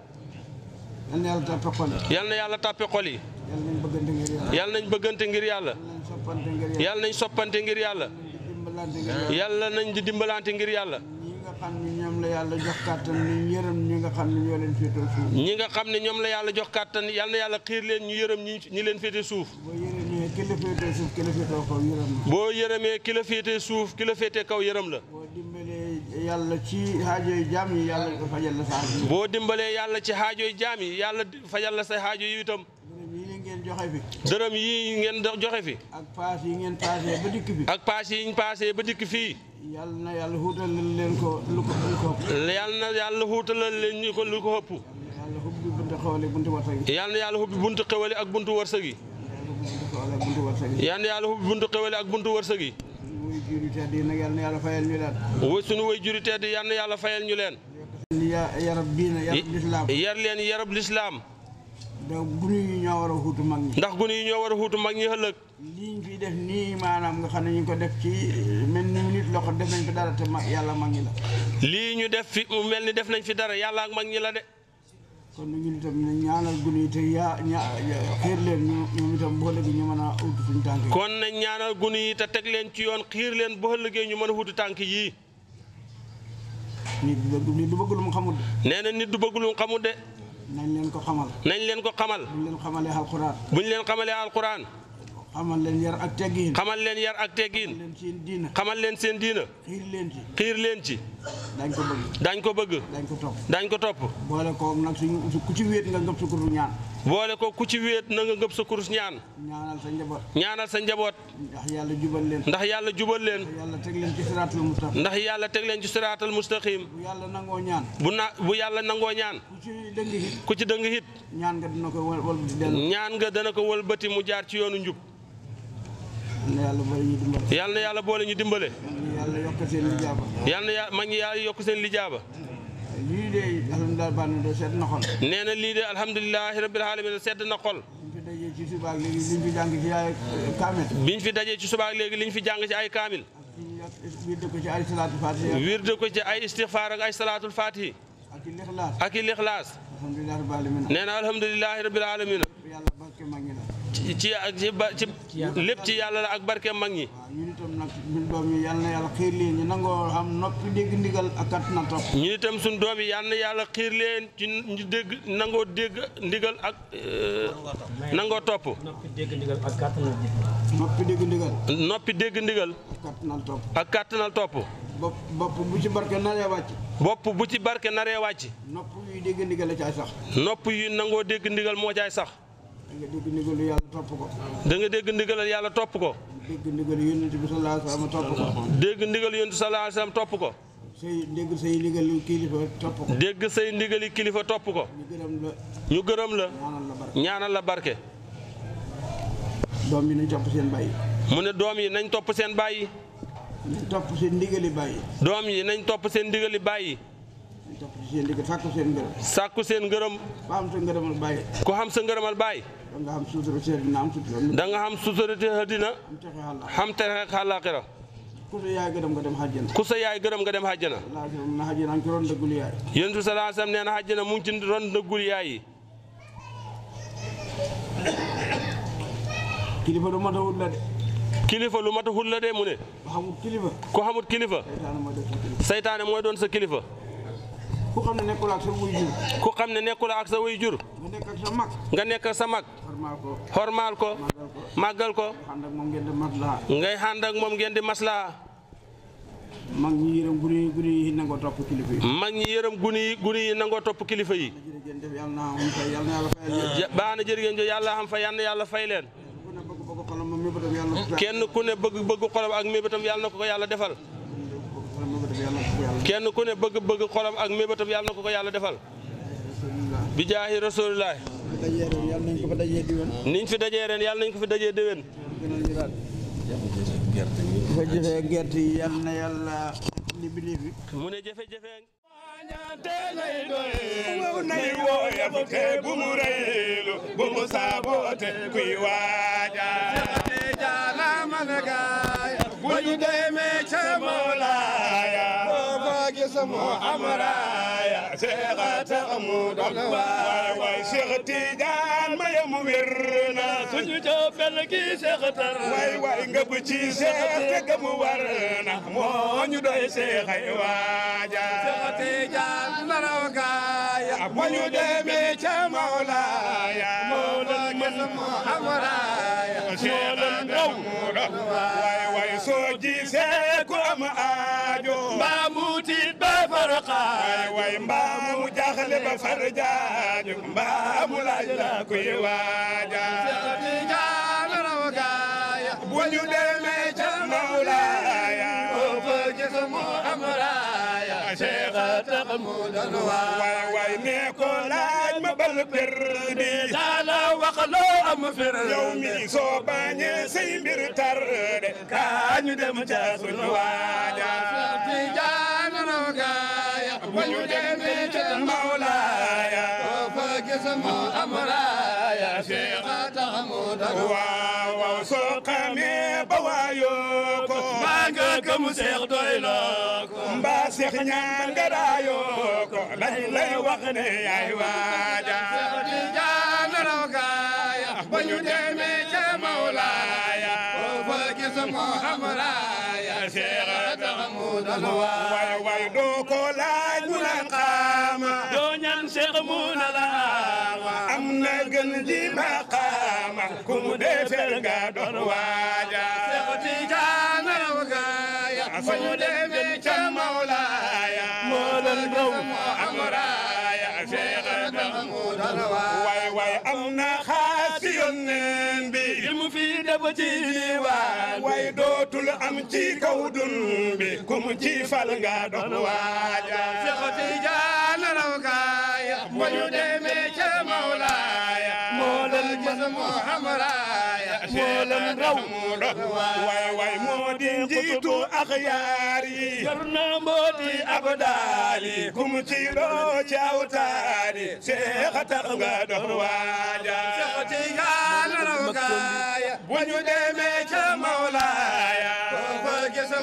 yalla yalla tapé xol yalla yalla tapé xol yi yalla nañ bëggante ngir yalla yalla nañ soppante ngir yalla yalla nañ di dimbalante ngir yalla nga xam ne ñoom la yàlla jox kàttan ñu nga xam ne ñoo ñi nga xam ne ñoom la yàlla jox kàttan yal na yàlla xiir leen ñu yërëm ñi ñi leen féete suuf. boo yërëmee ki la féete suuf ki féete kaw yërëm la. boo yërëmee ki la suuf ki la féete kaw la. boo dimbalee yàlla ci xaajoy jaam yi yàlla fajal la sa aajo. boo dimbalee yàlla ci xaajoy jaam yi fajal la sa xaajo yi itam. joxe fi. dërëm yi ngeen joxe fi. ak paas yi ngeen paasee ba dikk fi. ak paas yi ñu paasee ba dikk fii. yal na yàlla xuutalal leen ko lu ko lu ko ëpp. yal na yàlla xuutalal leen ñu ko lu ko ëpp. yal na yàlla xubbi buntu xewale ak buntu wërsëg yi. yal na yàlla xubbi buntu xewale ak buntu wërsëg yi. wa suñu way juri tedd yal na yàlla fayal ñu leen. yar leen yarab lislaam. ndax gune yi ñoo war a xuutu mag ñi. ndax gune yi ñoo war a xuutu mag ñi ëllëg. lii ñu fiy def nii maanaam nga xam ne ñu ko def ci mel ni nit def nañ fi dara te mag yàlla mag lii ñu def fi mu mel ni def nañ fi dara yàlla ak mag ñi la de. kon ñun itam nañ ñaanal gune yi te yaa ña leen ñu ñoom itam boo ëllëgee ñu mën a utu suñu tànk yi. kon nañ ñaanal gune yi te teg leen ci yoon xiir leen boo ëllëgee ñu man a utu tànk yii. nit du bëgg lu mu nit du bëgg lu de. nañ leen ko xamal. nañ leen ko xamal. buñ leen xamalee bu ñu leen xamalee alquran. xamal leen yar ak teggiin. xamal leen yar ak teggiin. xamal leen seen diina. xamal leen seen diina. xiir leen ci. xiir leen ci. dañ ko bëgg. dañ ko bëgg. dañ ko topp. dañ ko topp. boole koog nag suñ ku ci wéet nga ngëb sukkandu ñaan. boole ko ku ci wéet na ngëb sa kurus ñaan. ñaanal sa njaboot. ñaanal sa njaboot. ndax yàlla jubal leen. ndax yàlla jubal leen. ndax yàlla teg leen ci siraatal mustaqim. ndax yàlla teg leen ci siraatal mustaqim. bu yàlla nangoo ñaan. bu na bu yàlla nangoo ñaan. ku ci dëng hit. ku ci dëng hit. ñaan nga dana ko wëlbati ñaan mu jaar ci yoonu njub. yàlla na yàlla boole ñu dimbale. yàlla seen lijaaba. mag ñi yàlla yokk seen lijaaba. lii de alhamdulilah sedd na lii de alhamdulilah rabbil alamin sedd na xol. biñ fi dajee ci suba ak léegi liñ fi jàng ci ay kaamil. biñ fi dajee ci suba ak liñ fi jàng ci ay kaamil. wirde ko ci ay salaatul ay istixfaar ak faatihi. ak i ci ci ci lépp ci yàlla la ak barke mag ñi. waaw ñun itam nag ñun doom yi yal na yàlla xiir leen ñu yàlla xiir leen ci ñu dégg nangoo dégg ndigal ak. Euh, nangoo topp. noppi dégg ndigal ak at na noppi dégg ndigal. noppi dégg ndigal. ak na topp. bopp bu ci barke naree wàcc. bopp bu ci barke naree wàcc. nopp yuy dégg ndigal moo caay sax. da nga dégg ndigalu yàlla topp ko. da ndigalal yàlla topp ko. dégg ndigal yonent bi sallallahu alayhi wasallam topp ko. dégg ndigal yonent bi sallallahu alayhi wasallam topp say kilifa topp ko. ndigali kilifa topp ko. ñu gërëm la. ñu la. ñaanal la barke. doom seen bàyyi. mu ne doom yi nañ topp seen bàyyi. nañ doom yi nañ topp seen ndigali bàyyi. nañ topp seen ndigal sàkku seen ngërëm. sàkku seen ngërëm. ku xam sa ngërëmal bàyyi. danga xam sutura ci àddina am sutura danga ku sa yaay gërëm nga dem àjjana ku sa nee na àjjana mu ngi ci ron ndëggul kilifa lu mat a de mu ne ku xamut kilifa saytaane mooy doon sa kilifa ku xamne nekul ak sa wayjur jur ku xam ne ak sa wayjur jur nga ak sa mak nga nek ak sa mak hormal ko hormal ko ngay xànd ak moom ngeen mag ñi guni guni yi nangoo kilifa yi mag ñi guni guni yi nangoo kilifa yi baax na jo yàlla xam fa yàlla yàlla fay leen kenn ku ne bëgg bëgg xolam ak ko defal kenn ku ne bëgg bëgg xolam ak mébatam yalla nako ko yalla defal bi jaahi rasulullah niñ fi dajé ren yalla nañ ko fi dajé dewen bu ñu demee ca Mawlaaya booba gis moo am mu wér na suñu te gamu war na moo ñu doy seexay ah, ca Mawlaaya moo la ndaw waaye waaye soo gisee ku am aajo mbaa mu tiit ba waaye waaye jaaxle ba farjaajo mbaa laaj la kuy waajal ma feral yow mi soo bañee say mbir tar de ka ñu dem ca suñu waaja ti jaanano gaaya bu ñu demee ca mawlaaya oo fa gis mu amraaya cheikh tax mu dag waaw soo xamee ba waayoo ko nga gëm seex doy loo ko mbaa seex nga daayoo ko lañ wax ne yaay waaja waay waay doo ko laaj mu naan xaama doo ñaan Seex mu na laama am na gën ji maqaama ku mu defel nga doon waaja ci kaw dun bi ku mu ci fal nga doon waaja ci loo ci jaan raw gaaya bu ñu demee ca mawlaaya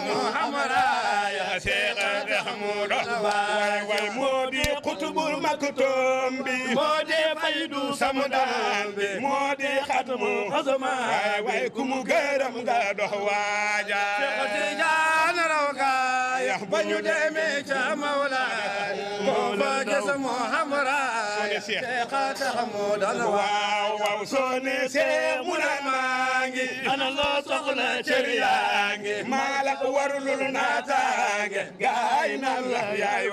يا شيخ محمود والمودي قطب المكتوم بي مودي فايدو سمدان بي مودي ختم خزمان ويكم غيرم غادو واجا شيخ تيجان روكا cheikh bu ñu demee ca mawlaay boo fa gis muhamraay cheikha tax mu dal waaw waaw soo ne cheikh mu naan maa ngi ana loo soxla cër yaa ngi maa la ko warulul naataange gaay nan la yaay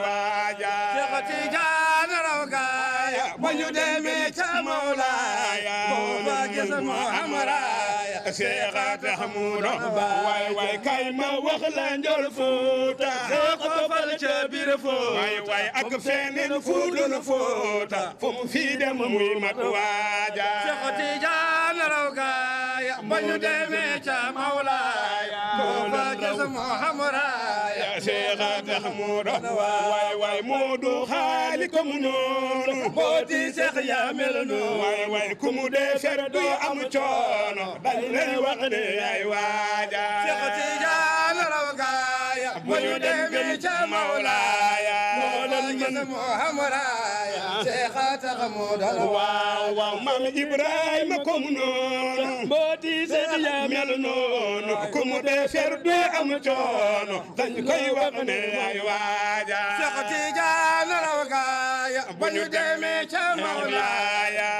ba ñu demee ca mawlaay seexaata xamuudo waay waay kay ma wax la njool fuuta soo ko fal ca biir fuuta waay waay ak feneen fuudul fuuta fu mu fii dem muy mat waaja Seex Tijaan raw gaaya ba ñu demee ca Mawlaaya waay waay Moodu xaali ko mu noonu booti Seex yaa mel noonu waay waay ku mu dee fer du am coono dañ leen wax ne yaay waaja Seex Tijaan raw gaaya bu ñu demee ca Mawlaaya moo doon gën moo xam waaw waaw maam Ibrahima ko mu noonu mbooti sëñ ya mel noonu ku mu dee fer du am coono dañ koy wax ne ay waaja Cheikh Tidiane raw gaaya ba ñu demee ca Mawlaaya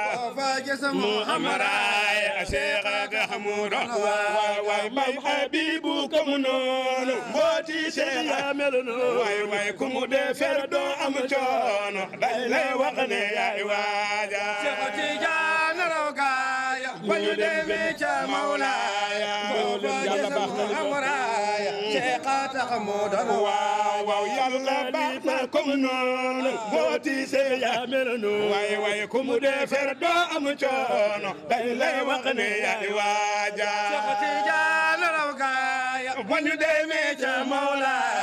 amaraay a seexa ga xamudo waay waay maam xabibu kamu noonu mbooti seexa melu noonu waay waay ku mu defer doo am coono dañ lay wax ne yaay waaja seexa tijaan raw gaaya ba ñu demee ca mawlaaya loolu yàlla baax na ceexaataxa moo doon waaw waaw yàlla baax na comme noonu boo tiisee yaa mel noonu waaye waaye ku mu dee fer doo coono dañ lay wax ne yaay waaja Seex Tijaan raw gaaya bu ñu demee ca Mawlaaya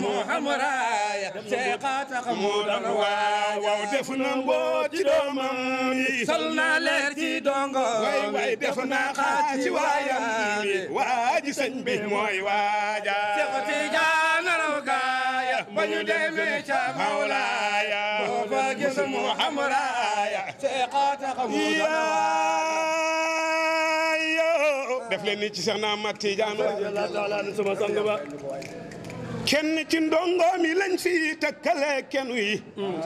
mu xamuraaya seexaata xamul waay waaw def na mboo ci doomam yi sol na leer ci dongo waay waay def na xaar ci waayam yi waaji sëñ bi mooy waaja Seexu Tijaan raw gaaya ba ñu demee ca Mawlaaya boo fa gis mu xamuraaya seexaata xamul def leen ni ci Seex na Mat Tijaan sama sang ba kenn ci ndongoom yi lañ fi tëkkale kenn yi.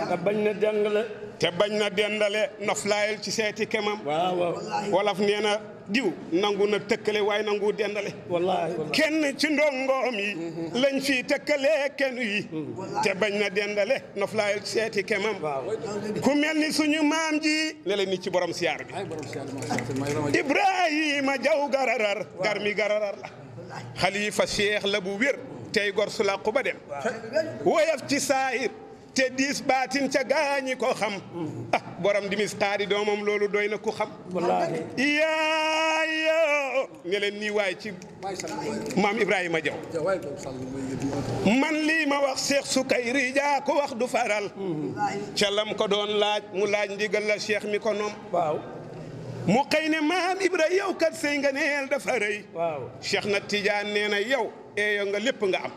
te bañ na dendale. te bañ na dendale noflaayal ci seeti kemam. waaw wolof nee na diw nangu na tëkkale waay nangu dendale. wallaahi kenn ci ndongoom mm-hmm. yi. fi tëkkale kenn yi. Mm-hmm. te bañ na dendale noflaayal ci seeti kemam. ku mel ni suñu maam ji. lele ni ci borom siyaar bi. Ibrahima Jaw gararar garmi gararar la. xalifa Cheikh la bu wér. tey gor su ba dem woyof ci saahir te diis baatin ca gaañi ko xam mm. ah borom di misqaari doomam loolu doy na ku xam yaayo ne leen waay ci maam Ibrahima Jaw man lii ma wax Cheikh Sukayri jaa ko wax du faral mm-hmm. ca lam ko doon laaj mu laaj ndigal la Cheikh mi ko noom mu xëy ne maam Ibra yow kat sëy nga neel dafa rëy Cheikh na Tijaan nee na yow eeyo nga lépp nga am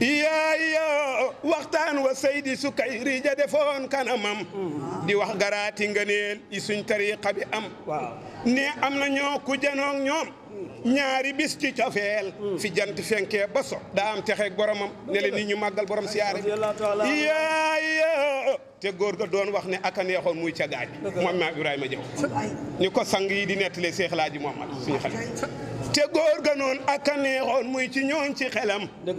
yaayo waxtaan wa saydi sukay riija defoon kanamam di wax garaati ngëneel yi suñ tariqa bi am ne am na ñoo ku janoog ñoom ñaari bis ci cofeel fi jant fenkee ba so daa am texeeg boromam ne la nit ñu màggal borom siyaare bi yaayo te góor ga doon wax ne aka neexoon muy cagaaj moom maa Ibrahima Jaw ñu ko sang yi di nettali Seex Laaji Muhammad suñu xale te góor ga noon ak a neexoon muy ci ñooñ ci xelam. dëgg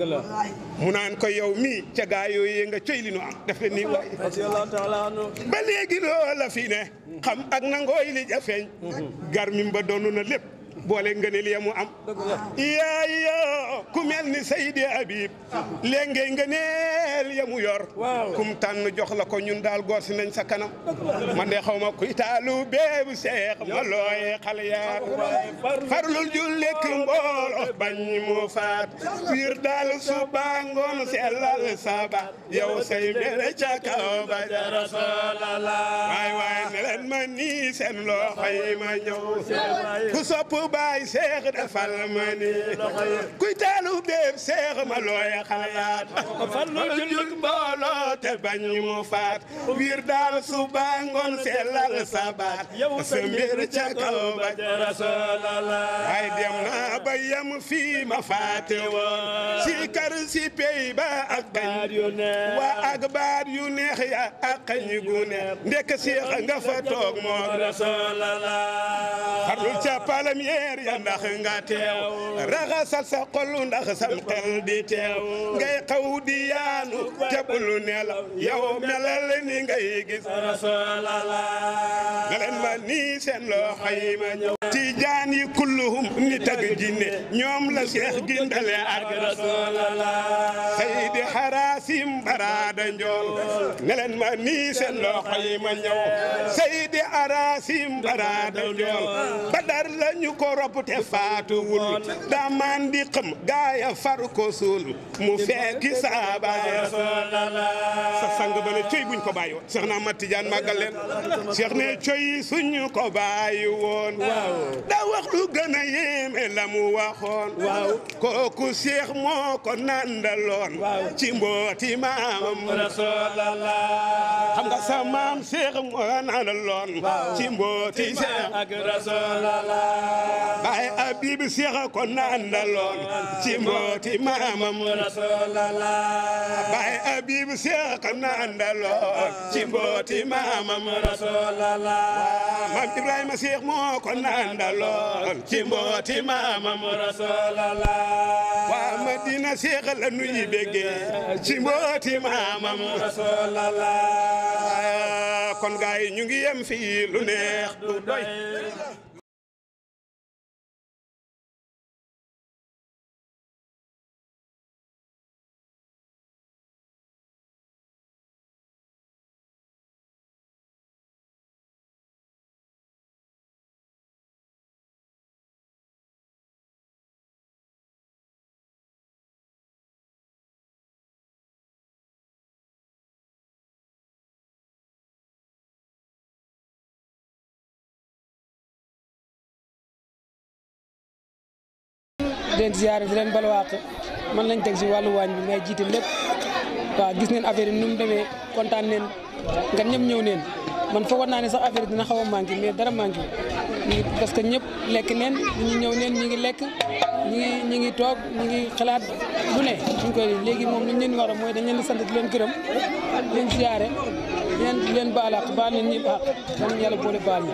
mu naan ko yow mii ca gaa nga coy li nu am dafa nii waay. ba léegi loola fi ne. xam ak nangooy li jafeñ. Mhm. gar mi ba doon na lépp. boole ngëneel ya mu am yaayo ku mel ni Seydi Habib ah. léegi ngëneel ya yor kum tànn jox la ko ñun daal goor si nañ sa kanam man de xaw ma kuy taalu beebu seex ma looye xal yaar farlul jullek mboolo bañ mu faat wiir daal suba ngoon saba yow say mere ca kaw ba dara solala waay waay ne ma nii seen loo xay ma ñëw ku baay seex dafal ma kuy taalu béeb seex ma looy xalaat fallu jullit mbooloo te bañ mu faat wiir daal suba ngoon sellal sabaat sa mbir ca kaw ba rasulallah ma faate woon si kar baat yu neex ya ak xañ gu neex ndekk fa toog moom bul ca palamiyeer ya ndax nga teew raxasal sa xol ndax sam xel di teew ngay xaw di yaanu te bul nelaw yow melal ni ngay gis rasulallah nga leen ma nii loo xayma ñëw muy jaan yi la baraada njool ne ma nii seen loxo yi ma ñëw saydi araasim baraada njool badar la ñu ko rob te faatuwul damaan di gaaya far ko suul mu fekki saabaay rasulallah sa sang ko bàyyi woon seex naa ma coy suñu ko bàyyi woon da gën a yéeme la mu waxoon kooku seex moo ko nandaloon ci mbooti maamam rasulallah xam nga sa maam ko nandaloon ci mbooti seex ak rasulallah baay abib seex ko nandaloon ci mbooti maamam rasulallah baay abib seex ko nandaloon moo ko nandaloon na lool ci mbooti maamam rasulallah waa Madina Seex la nuy béggee ci mbooti maamam rasulallah kon gaay ñu ngi yem fii lu neex du doy di leen ziare di leen balwaaq man lañ teg si wàllu waañ bi may jiite lépp waaw gis neen affaire yi nu mu demee kontaan neen nga ñëpp ñëw neen man foogoon naa ne sax affaire dina xaw a manqué mais dara manqué parce que ñëpp lekk neen ñu ñëw neen ñu ngi lekk ñu ngi ñu ngi toog ñu ngi xalaat lu ne ñu koy léegi moom li ñu leen war a mooy dañ leen di sant di leen gërëm di leen leen leen baal àq baal leen ñëpp àq man boole baal ñi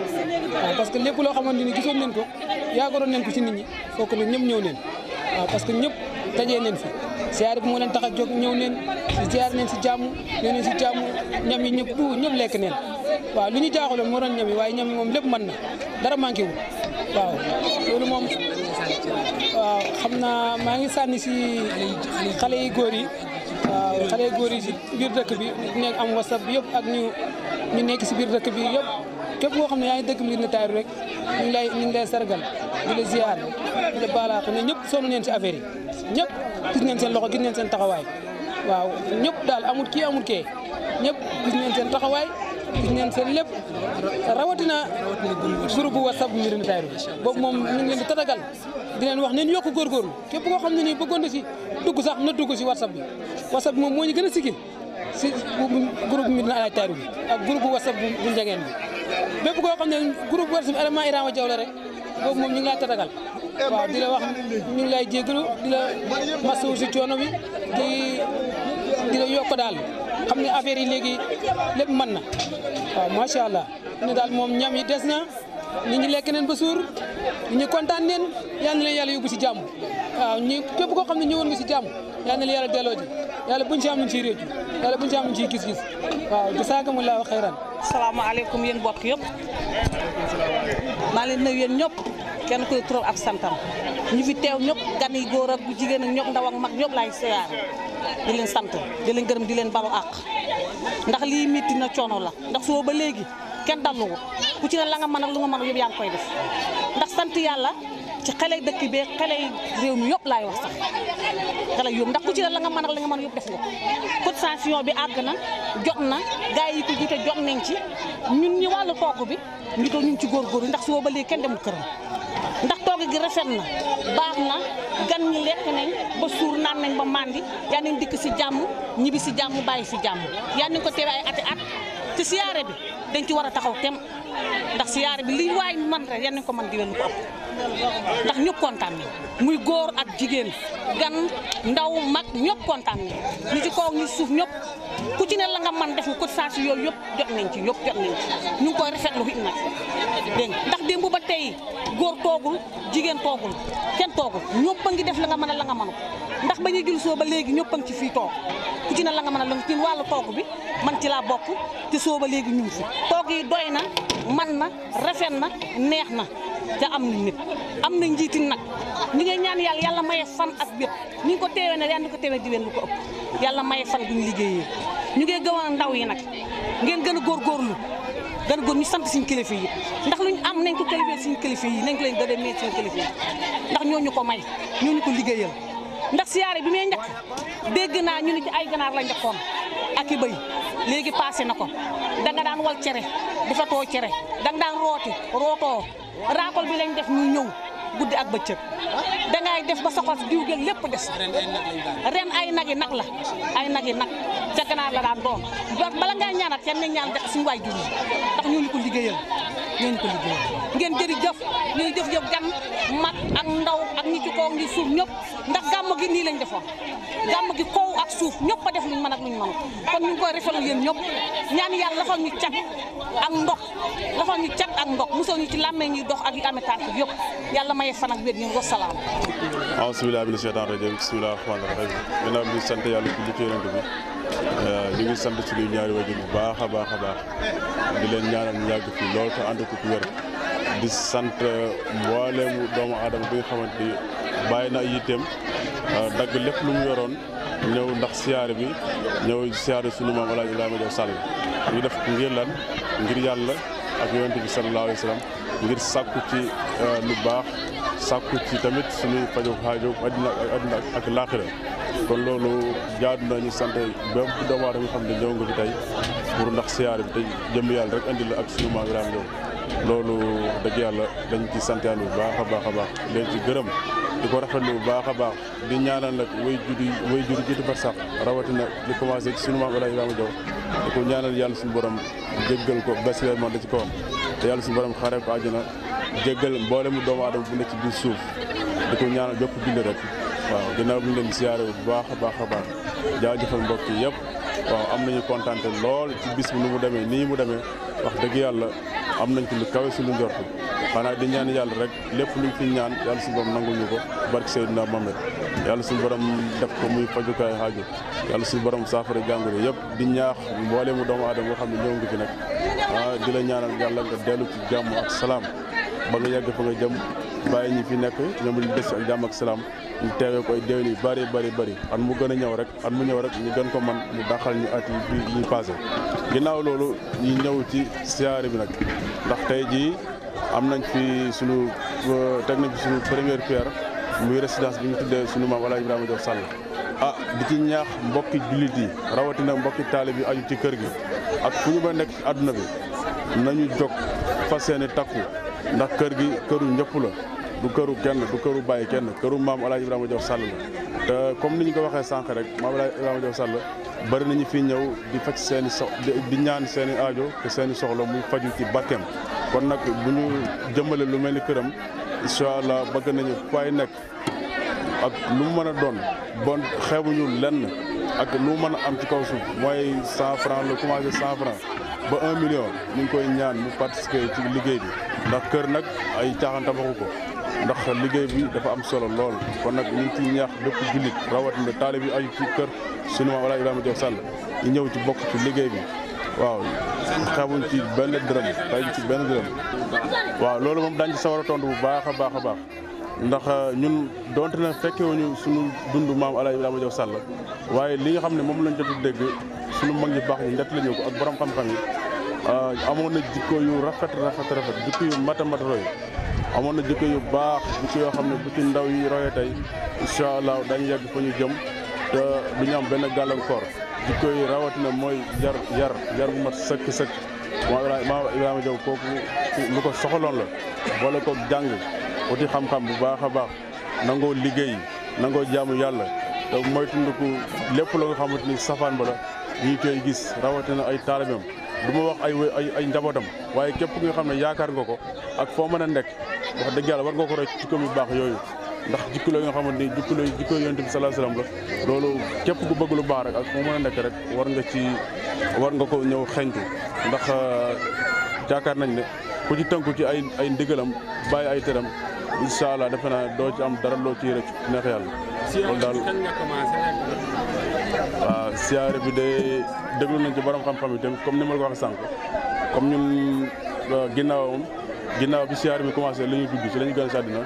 waaw parce que lépp loo xamante ni gisoon nañ ko yaakaaroon nañ ko ci nit ñi fokk na ñëpp ñëw neen waaw parce que ñëpp dajee neen fi bi moo leen tax a jóg ñëw neen si siyaar neen si jàmm ñëw neen si jàmm ñam yi ñëpp du ñëpp lekk neen waaw lu ñu jaaxaloon moo doon ñam yi waaye ñam yi moom lépp mën na dara manqué wul waaw loolu moom waaw xam naa maa ngi sànni si xale yi góor yi waaw xale góor yi si biir dëkk bi nekk am whatsapp bi yëpp ak ñu ñu nekk si biir dëkk bi yëpp képp koo xam ne yaa ngi dëkk Médina Yoro rek ñu ngi lay ñu ngi lay sargal di la ziar di la baalaax ne ñëpp sonn neen si affaire yi ñëpp gis neen seen loxo gis neen seen taxawaay waaw ñëpp daal amul kii amul kee ñëpp gis neen seen taxawaay gis neen seen lépp rawatina groupe WhatsApp Médina Yoro boobu moom ñu ngi leen di tatagal di leen wax neen yokk góorgóorlu képp koo xam ne nii bëggoon na si dugg sax na dugg si whatsapp bi moom moo ñu gën a sigil si groupe Médina Yoro Tayirou bi ak groupe whatsapp bu njegeen bi bépp koo xam ne groupe whatsapp élément Irama Diaw la rek boobu moom ñu ngi lay tatagal waaw di la wax ñu ngi lay jégalu di la masawu si coono bi di yokk daal xam ne affaire yi léegi lépp man na waaw macha allah ñu daal moom ñam yi des na ni ñi lekk neen ba suur ñu kontaan neen yal na leen yàlla yóbbu ci jàmm waaw ñu képp koo xam ne ñëwoon nga ci jàmm yal na leen yàlla delloo ji yàlla buñ si am la ciy réccu yàlla buñ si am luñ ciy gis-gis waaw jazaakumullaahu xayran salaamaaleykum yéen bokk yëpp maa leen nuyu yéen ñëpp kenn koy trop ak santam ñu fi teew ñëpp gan góor ak bu jigéen ak ñëpp ndaw ak mag ñëpp laay seyaar di leen sant di leen gërëm di leen balu àq ndax lii métti na coono la ndax suba ba léegi kenn dalluwul ku ci ne la nga man ak lu nga man yëpp yang koy def ndax sant yalla ci xalé dekk bi xalé rew mi yëpp lay wax sax xalé yóbbu ndax ku ci la nga man ak la nga man yëpp def nga cotisation bi ag na jot na gaay yi ko jité jot nañ ci ñun ñi walu togg bi ñu ko ñun ci gor ndax suba ba lé kenn demul kër ndax togg gi rafet na baax na gan ñi lekk nañ ba sour naan nañ ba mandi yaa nañ dikk si jàmm ñibi ci jamm bàyyi ci jamm ya ñu ko téré ay at ci siyaare bi dañ ci wara taxaw tem ndax siyaare bi li waay man rek yenn ko man di leen ko am ndax ñëpp kontaan nañ muy góor ak jigéen gan ndaw mag ñëpp kontaan nañ ñu ci kaw ñu suuf ñëpp ku ci ne la nga man def ko cotisation yooyu yëpp jot nañ ci yëpp jot ñu ngi koy rafetlu it nag dégg ndax démb ba tey góor toogul jigéen toogul kenn toogul ñëpp a ngi def la nga mën a la nga mënu ndax ba ñuy jul soo léegi ñëpp a ngi ci fii toog ku ci ne la nga mën a la nga ci wàllu toog bi man ci laa bokk te soo ba léegi ñu ngi fi toog yi doy na man na rafet na neex na te am na nit am na njiiti nag ñi ngay ñaan yàlla yàlla maye fan ak bét ni nga ko teewee ne yàlla ko teewee di ween lu ko ëpp yàlla maye fan bu ñu liggéeyee ñu ngey gëw a ndaw yi nag ngeen gën góor góorgóorlu gën a góor ñu sant suñu kilifa yi ndax luñ am nañ ko kilifa suñu kilifa yi nañ ko leen gën a mee suñu kilifa yi ko may ñu ñooñu ko liggéeyal ndax siyaare bi may njëkk dégg naa ñu ne ay ganaar la njëkkoon ak i bëy léegi passé na ko danga daan wal cere di fa too cere danga daan rooti rootoo raakol bi lañ def ñuy ñëw guddi ak bëccëg dangay def ba sa xol diw gi lépp des ren ay nag yi nag la ay nag yi nag ca ganaar la daan doom donc bala ngaa ñaanat kenn nañ ñaan suñu waay jur ndax ñoo ñu ko liggéeyal ñoo ko liggéeyal ngeen jëri jëf li jëf yëpp gan mat ak ndaw ak ñi ci kaw ngi suuf ñëpp ndax gàmm gi nii lañ defoon gàmm gi kaw ak suuf ñëpp a def luñ mën ak luñ mën kon ñu ngi koy refelu yéen ñëpp ñaan yàlla lafal ñu cat ak ndox lafal ñu cat ak ndox musal ñu ci làmmee ñuy dox ak yu amee tànk yëpp maye fan ak wér ñun wasalaam aousubilah bi na cheytaan rajim bisimilah rahmaan rahim ginnaaw bi sant ci li ci li euh, ngi sant suñu ñaari wajur bu baax a baax a baax di leen ñaanal ñu yàgg fi lool te ànd ko ku wér di sant euh, mbooleem doomu aadama bi nga xamante bàyyi na ay yitteem euh, dagg lépp lu mu yoroon ñëw ndax siyaare bi ñëw siyaare sunu maam El Hadj Ibrahima Diaw Sall ñu def ngir lan ngir yàlla ak yonent bi sallallahu alayhi wa ngir sàkku ci lu baax sàkku ci tamit suñu fajoo xaajoo adduna ak laaxira kon loolu jaadu nañu sant bépp doomu aadama xam ne ñëw nga fi tey pour ndax siyaare bi te jëm yàlla rek indi la ak suñu maam Ibrahima Ndiob loolu dëgg yàlla dañ ci santaan bu baax a baax a baax leen ci gërëm di ko rafetlu bu baax a baax di ñaanal nag way judi way judi jiitu ba sax rawatina di commencé ci suñu maam Ibrahima Ndiob di ko ñaanal yàlla suñu borom jéggal ko basileer moom da ci kawam te yàlla suñu borom xaaree ko àjjana jéggal mboolemu doomu aadama bu ne ci biir suuf di ko ñaanal bépp julli rek waaw ginnaaw bu ñu leen siyaare bu baax a baax a baax jaajëfal mbokk yi yëpp waaw am nañu kontante lool ci bis bi nu mu demee nii mu demee wax dëgg yàlla am nañ ci lu kawe suñu njort xanaa di ñaan yàlla rek lépp luñ fi ñaan yàlla suñu borom nangul ñu ko barke Seydina Mohamed yàlla suñu borom def ko muy fajukaay xaaju yàlla suñu borom saafara jàngoro yëpp di ñaax mboolem mu doomu aadama nga xam ne ñëw nga fi nag ah di la ñaanal yàlla nga dellu ci jàmm ak salaam ba nga yegg fa nga jëm bàyyi ñi fi nekk ñoom ñu jàmm ak salaam ñu teewee ko ay déwén bari bëri bëri bëri at mu gën a ñëw rek at mu ñëw rek ñu gën ko man mu dàqal ñu at yi ñu passé ginnaaw loolu ñu ñëw ci siyaare bi nag ndax tey jii am nañ fi sunu euh, teg nañ fi sunu première pierre muy résidence bi ñu tuddee sunu maam Alaaji Ibrahima Diop Sall a ah, di ci ñaax mbokki jullit yi rawatina mbokki taalib yi aju ci kër gi ak fu ñu ba nekk ci àdduna bi nañu jóg fa yéene takku ndax kër gi këru ñëpp la du këru kenn du këru bàyyi kenn këru maam El Hadj Ibrahima Diaw Sall la te comme ni ñu ko waxee sànq rek maam El Hadj Ibrahima Diaw Sall bëri nañu fi ñëw di faj seen i sox di ñaan seen i aajo te seen soxla muy faju ci bàtteem kon nag bu ñu jëmale lu mel ni këram incha allah bëgg nañu fay nekk ak lu mu mën a doon bon ñu lenn ak lu mën a am ci kaw suuf mooy cent franc la commencé cent ba un million ñu ngi koy ñaan mu participer ci liggéey bi ndax kër nag ay caaxaan tabaxu ko ndax liggéey bi dafa am solo lool kon nag ñu ngi ciy ñaax bépp jullit rawatina taalib yi aju ci kër sunu maam El Hadj Ibrahima Diop Sall ñu ñëw ci bokk ci liggéey bi waaw xamuñ ci benn dërëm xamuñ ci benn dërëm waaw loolu moom daañu ci sawar a bu baax a baax a baax ndax euh, ñun donte na fekke wuñu sunu dund maam El Hadj Ibrahima Diop Sall waaye li nga xam ne moom lañ jot dégg sunu mag ñu baax ñi njëkk la ñëw ko ak borom xam-xam yi euh, amoon na jikko yu rafet rafet rafet jikko yu mat mat roy amoon jikko yu baax jikko yoo xam ne bu ci ndaw yi roye tay inshallah dañ yegg fu ñu jëm te du ñu am galan koor jikko yi rawat na moy yar yar yar bu ma mat sëkk sëkk maam ibrahima jow kooku lu ko soxalon la wala ko jàng uti xam-xam bu baax a baax nangoo liggéey nangoo jaamu yalla te moytundiku lépp la nga xamanteni safan ba la ñi tay gis rawat na ay taalibam du ma wax ay ay ay njabootam waaye képp nga xam ne yaakaar nga ko ak foo mën a nekk wax dëgg yàlla war nga ko roy ci jikko baax yooyu ndax jikko nga xamante ni jikko la jikko yonent bi sallallahu alayhi wasallam loolu képp ku bëgg lu baax rek ak foo mën a rek war nga ci war nga ko ñëw xeñtu ndax euh, yaakaar nañ ne ku ci tënku ci ay ay ndigalam bàyyi ay tëram incha allah defe naa doo ci am dara loo rek rëcc neex yàlla loolu daal waaw siyaare bi de déglu nañ ci borom xam-xam yi tamit comme ni ma la ko waxee sànq comme ñun euh, ginnaawam ginnaaw bi siyaare bi commencé la ñuy dugg ci la ñu gën a àddina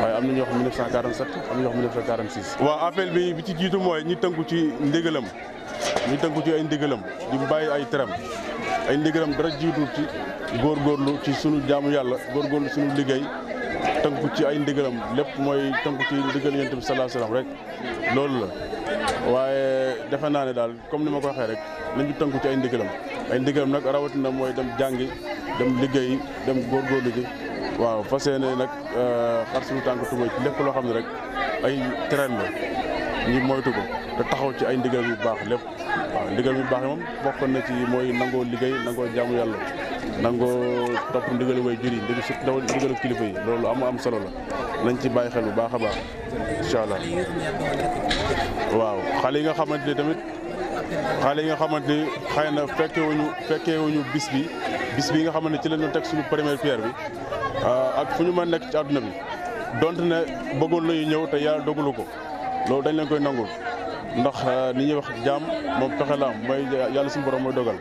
waaye am na ñoo xam 1947 am na ñoo xam 1946. waaw appel bi bi ci jiitu mooy ñu tënku ci ndigalam ñu tënku ci ay ndigalam di bàyyi ay teram ay ndigalam dara jiitu ci góorgóorlu ci suñu jaamu yàlla góorgóorlu sunu liggéey. tënku ci ay ndigalam lépp mooy tënku ci ndigal yonent bi sallallahu alayhi wasallam rek loolu la waaye defe naa ne daal comme ni ma ko waxee rek nañu tënku ci ay ndigalam ay ndigalam nag rawatina mooy dem jàngi dem liggéeyi dem góorgóorlu ji waaw fa yéene nag euh, xar suñu tànk tuba ci lépp loo xam ne rek ay train la ñu moytu ko te taxaw ci ay ndigal yu baax lépp waaw ndigal yu baax moom bokk na ci mooy nangoo liggéey nangoo jaamu yàlla nangoo topp ndigalu way jur yi ndigalu kilifa yi loolu am am solo la nañ ci bàyyi xel bu baax a baax incha allah waaw xale yi nga xamante ne tamit xale yi nga xamante ni xëy na fekke wuñu wuñu bis bi bis bi nga xamante ne ci lañ doon teg suñu première pierre bi ah, ak fu ñu mën nekk ci àdduna bi dont ne bëggoon nañu ñëw te yàlla dogalu ko loolu dañ leen koy nangul ndax li ah, ñuy wax jaam moom pexe la mooy yàlla suñu borom mooy dogal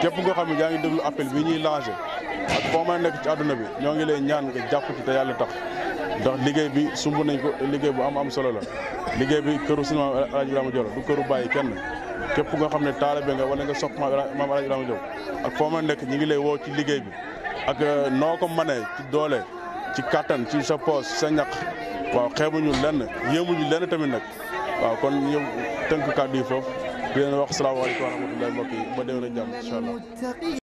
képp nga xam ne yaa ngi déglu appel bi ñuy lancé ak foo mën nekk ci àdduna bi ñoo ngi lay ñaan nga jàpp yàlla tax ndax liggéey bi sumb nañ ko liggéey bu am am solo la liggéey bi këru sëñ maam El Hadj Ibrahima Diop du këru bàyyi kenn képp nga xam ne taalibe nga wala nga sopp maam El Hadj Ibrahima Diop ak foo ma nekk ñu ngi lay woo ci liggéey bi ak euh, noo ko mënee ci doole ci kàttan ci sa poos sa ñaq waaw xeebuñu lenn yéemuñu lenn tamit nag waaw kon ñu tënk kàddu yi foofu di leen wax salaamaaleykum wa rahmatullahi mbokk yi ba déwén a jàmm incha allah